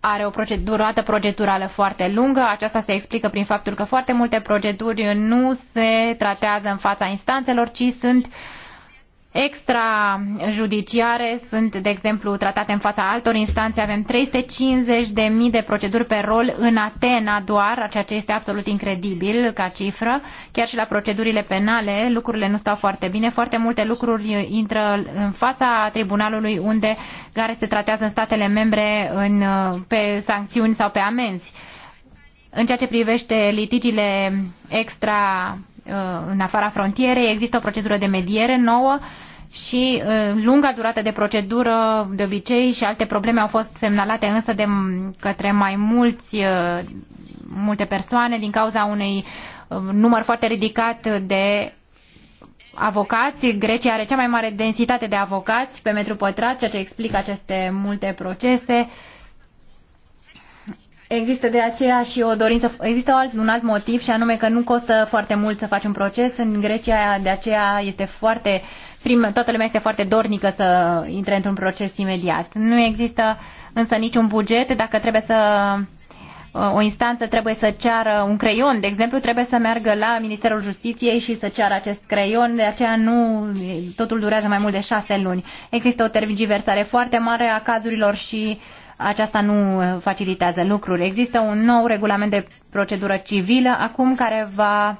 are o durată procedurală foarte lungă. Aceasta se explică prin faptul că foarte multe proceduri nu se tratează în fața instanțelor, ci sunt uh, extrajudiciare sunt, de exemplu, tratate în fața altor instanțe. Avem 350.000 de proceduri pe rol în Atena doar, ceea ce este absolut incredibil ca cifră. Chiar și la procedurile penale lucrurile nu stau foarte bine. Foarte multe lucruri intră în fața tribunalului unde care se tratează în statele membre în, pe sancțiuni sau pe amenzi. În ceea ce privește litigiile extra uh, în afara frontierei, există o procedură de mediere nouă și uh, lunga durată de procedură de obicei și alte probleme au fost semnalate însă de către mai mulți, uh, multe persoane din cauza unei uh, număr foarte ridicat de avocați. Grecia are cea mai mare densitate de avocați pe metru pătrat, ceea ce explică aceste multe procese. Există de aceea și o dorință, există alt, un alt motiv și anume că nu costă foarte mult să faci un proces. În Grecia de aceea este foarte uh, prim, toată lumea este foarte dornică să intre într-un proces imediat. Nu există însă niciun buget. Dacă trebuie să o instanță trebuie să ceară un creion, de exemplu, trebuie să meargă la Ministerul Justiției și să ceară acest creion, de aceea nu totul durează mai mult de șase luni. Există o tergiversare foarte mare a cazurilor și aceasta nu facilitează lucruri. Există un nou regulament de procedură civilă acum care va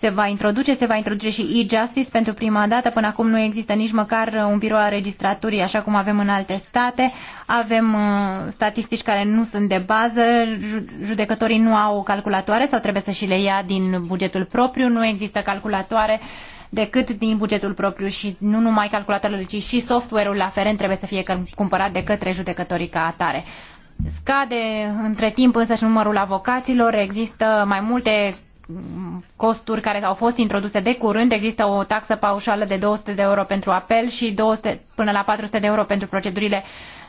se va introduce, se va introduce și e-justice pentru prima dată. Până acum nu există nici măcar un birou al registraturii, așa cum avem în alte state. Avem uh, statistici care nu sunt de bază, judecătorii nu au o calculatoare sau trebuie să și le ia din bugetul propriu, nu există calculatoare decât din bugetul propriu și nu numai calculatorul, ci și software-ul aferent trebuie să fie cumpărat de către judecătorii ca atare. Scade între timp însă și numărul avocaților, există mai multe costuri care au fost introduse de curând. Există o taxă paușală de 200 de euro pentru apel și 200 până la 400 de euro pentru procedurile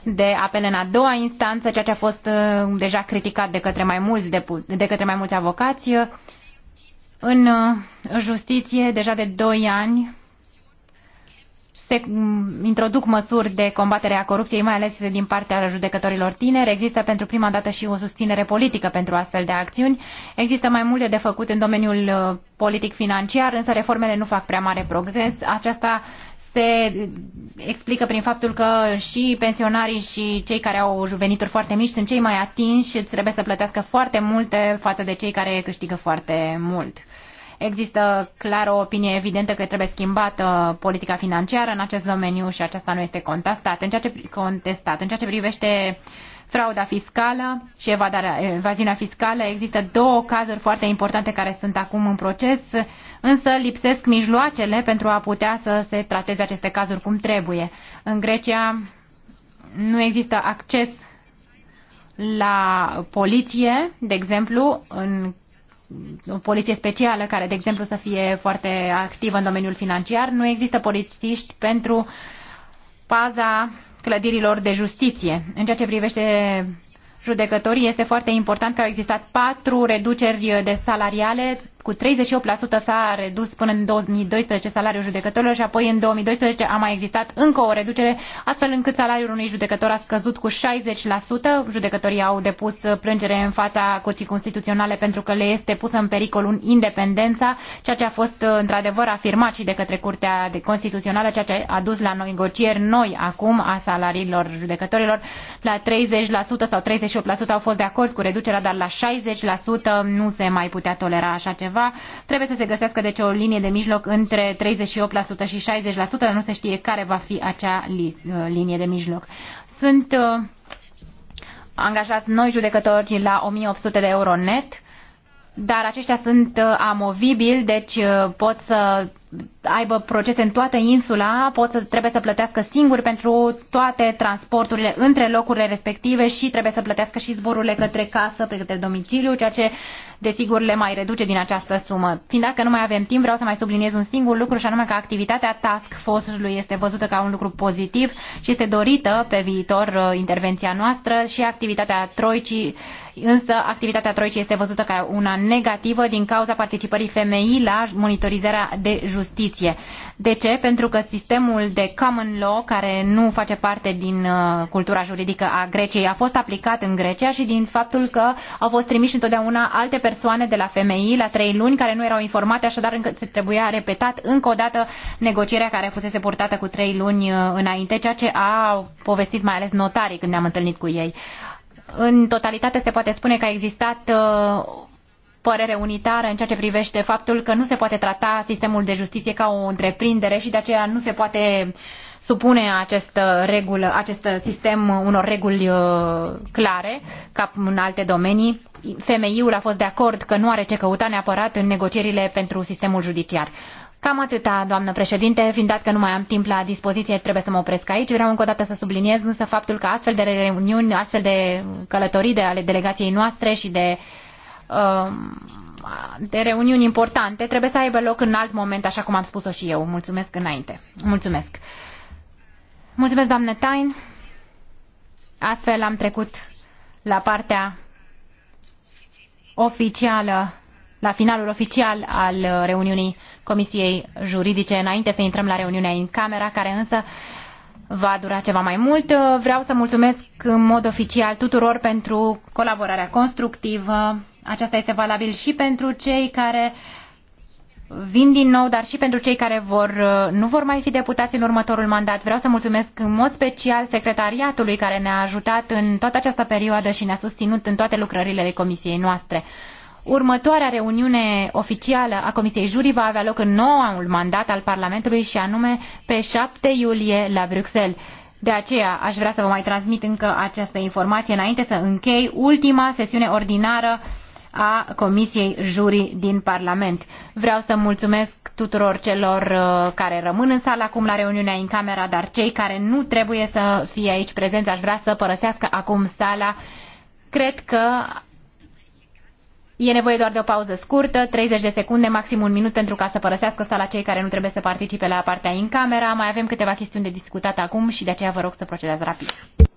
de apel în a doua instanță, ceea ce a fost uh, deja criticat de către mai mulți, de către mai mulți avocați. În uh, justiție, deja de 2 ani, se introduc măsuri de combatere a corupției, mai ales din partea judecătorilor tineri. Există pentru prima dată și o susținere politică pentru astfel de acțiuni. Există mai multe de făcut în domeniul uh, politic-financiar, însă reformele nu fac prea mare progres. Aceasta se explică prin faptul că și pensionarii și cei care au venituri foarte mici sunt cei mai atinși și trebuie să plătească foarte multe față de cei care câștigă foarte mult. Există clar o opinie evidentă că trebuie schimbată politica financiară în acest domeniu și aceasta nu este contestată. În ceea ce, contestat. În ceea ce privește frauda fiscală și evadarea, evaziunea fiscală, există două cazuri foarte importante care sunt acum în proces, însă lipsesc mijloacele pentru a putea să se trateze aceste cazuri cum trebuie. În Grecia nu există acces la poliție, de exemplu, în o poliție specială care, de exemplu, să fie foarte activă în domeniul financiar. Nu există polițiști pentru paza clădirilor de justiție. În ceea ce privește judecătorii, este foarte important că au existat patru reduceri de salariale cu 38% s-a redus până în 2012 salariul judecătorilor și apoi în 2012 a mai existat încă o reducere, astfel încât salariul unui judecător a scăzut cu 60%. Judecătorii au depus plângere în fața Curții Constituționale pentru că le este pusă în pericol un independența, ceea ce a fost într-adevăr afirmat și de către Curtea Constituțională, ceea ce a dus la negocieri noi acum a salariilor judecătorilor. La 30% sau 38% au fost de acord cu reducerea, dar la 60% nu se mai putea tolera așa ceva ceva, trebuie să se găsească deci o linie de mijloc între 38% și 60%, dar nu se știe care va fi acea uh, linie de mijloc. Sunt uh, angajați noi judecători la 1800 de euro net, dar aceștia sunt uh, amovibili, deci uh, pot să aibă procese în toată insula, pot să, trebuie să plătească singuri pentru toate transporturile între locurile respective și trebuie să plătească și zborurile către casă, pe către domiciliu, ceea ce desigur le mai reduce din această sumă. Fiind dacă nu mai avem timp, vreau să mai subliniez un singur lucru și anume că activitatea task force-ului este văzută ca un lucru pozitiv și este dorită pe viitor uh, intervenția noastră și activitatea troicii însă activitatea Troicii este văzută ca una negativă din cauza participării femeii la monitorizarea de justiție. De ce? Pentru că sistemul de common law, care nu face parte din uh, cultura juridică a Greciei, a fost aplicat în Grecia și din faptul că au fost trimiși întotdeauna alte persoane de la femei la trei luni care nu erau informate, așadar încă se trebuia repetat încă o dată negocierea care fusese purtată cu trei luni uh, înainte, ceea ce a povestit mai ales notarii când ne-am întâlnit cu ei în totalitate se poate spune că a existat uh, părere unitară în ceea ce privește faptul că nu se poate trata sistemul de justiție ca o întreprindere și de aceea nu se poate supune acest, regulă, acest sistem unor reguli uh, clare, ca în alte domenii. FMI-ul a fost de acord că nu are ce căuta neapărat în negocierile pentru sistemul judiciar. Cam atâta, doamnă președinte, fiind dat că nu mai am timp la dispoziție, trebuie să mă opresc aici. Vreau încă o dată să subliniez însă faptul că astfel de reuniuni, astfel de călătorii de ale delegației noastre și de um, de reuniuni importante trebuie să aibă loc în alt moment, așa cum am spus-o și eu. Mulțumesc înainte. Mulțumesc. Mulțumesc, doamnă Tain. Astfel am trecut la partea oficială, la finalul oficial al reuniunii Comisiei Juridice înainte să intrăm la reuniunea în camera, care însă va dura ceva mai mult. Vreau să mulțumesc în mod oficial tuturor pentru colaborarea constructivă. Aceasta este valabil și pentru cei care vin din nou, dar și pentru cei care vor, nu vor mai fi deputați în următorul mandat. Vreau să mulțumesc în mod special secretariatului care ne-a ajutat în toată această perioadă și ne-a susținut în toate lucrările comisiei noastre. Următoarea reuniune oficială a Comisiei Jurii va avea loc în noul mandat al Parlamentului și anume pe 7 iulie la Bruxelles. De aceea aș vrea să vă mai transmit încă această informație înainte să închei ultima sesiune ordinară a Comisiei Jurii din Parlament. Vreau să mulțumesc tuturor celor uh, care rămân în sală acum la reuniunea în camera, dar cei care nu trebuie să fie aici prezenți, aș vrea să părăsească acum sala. Cred că E nevoie doar de o pauză scurtă, 30 de secunde, maxim un minut pentru ca să părăsească sala cei care nu trebuie să participe la partea în camera. Mai avem câteva chestiuni de discutat acum și de aceea vă rog să procedați rapid.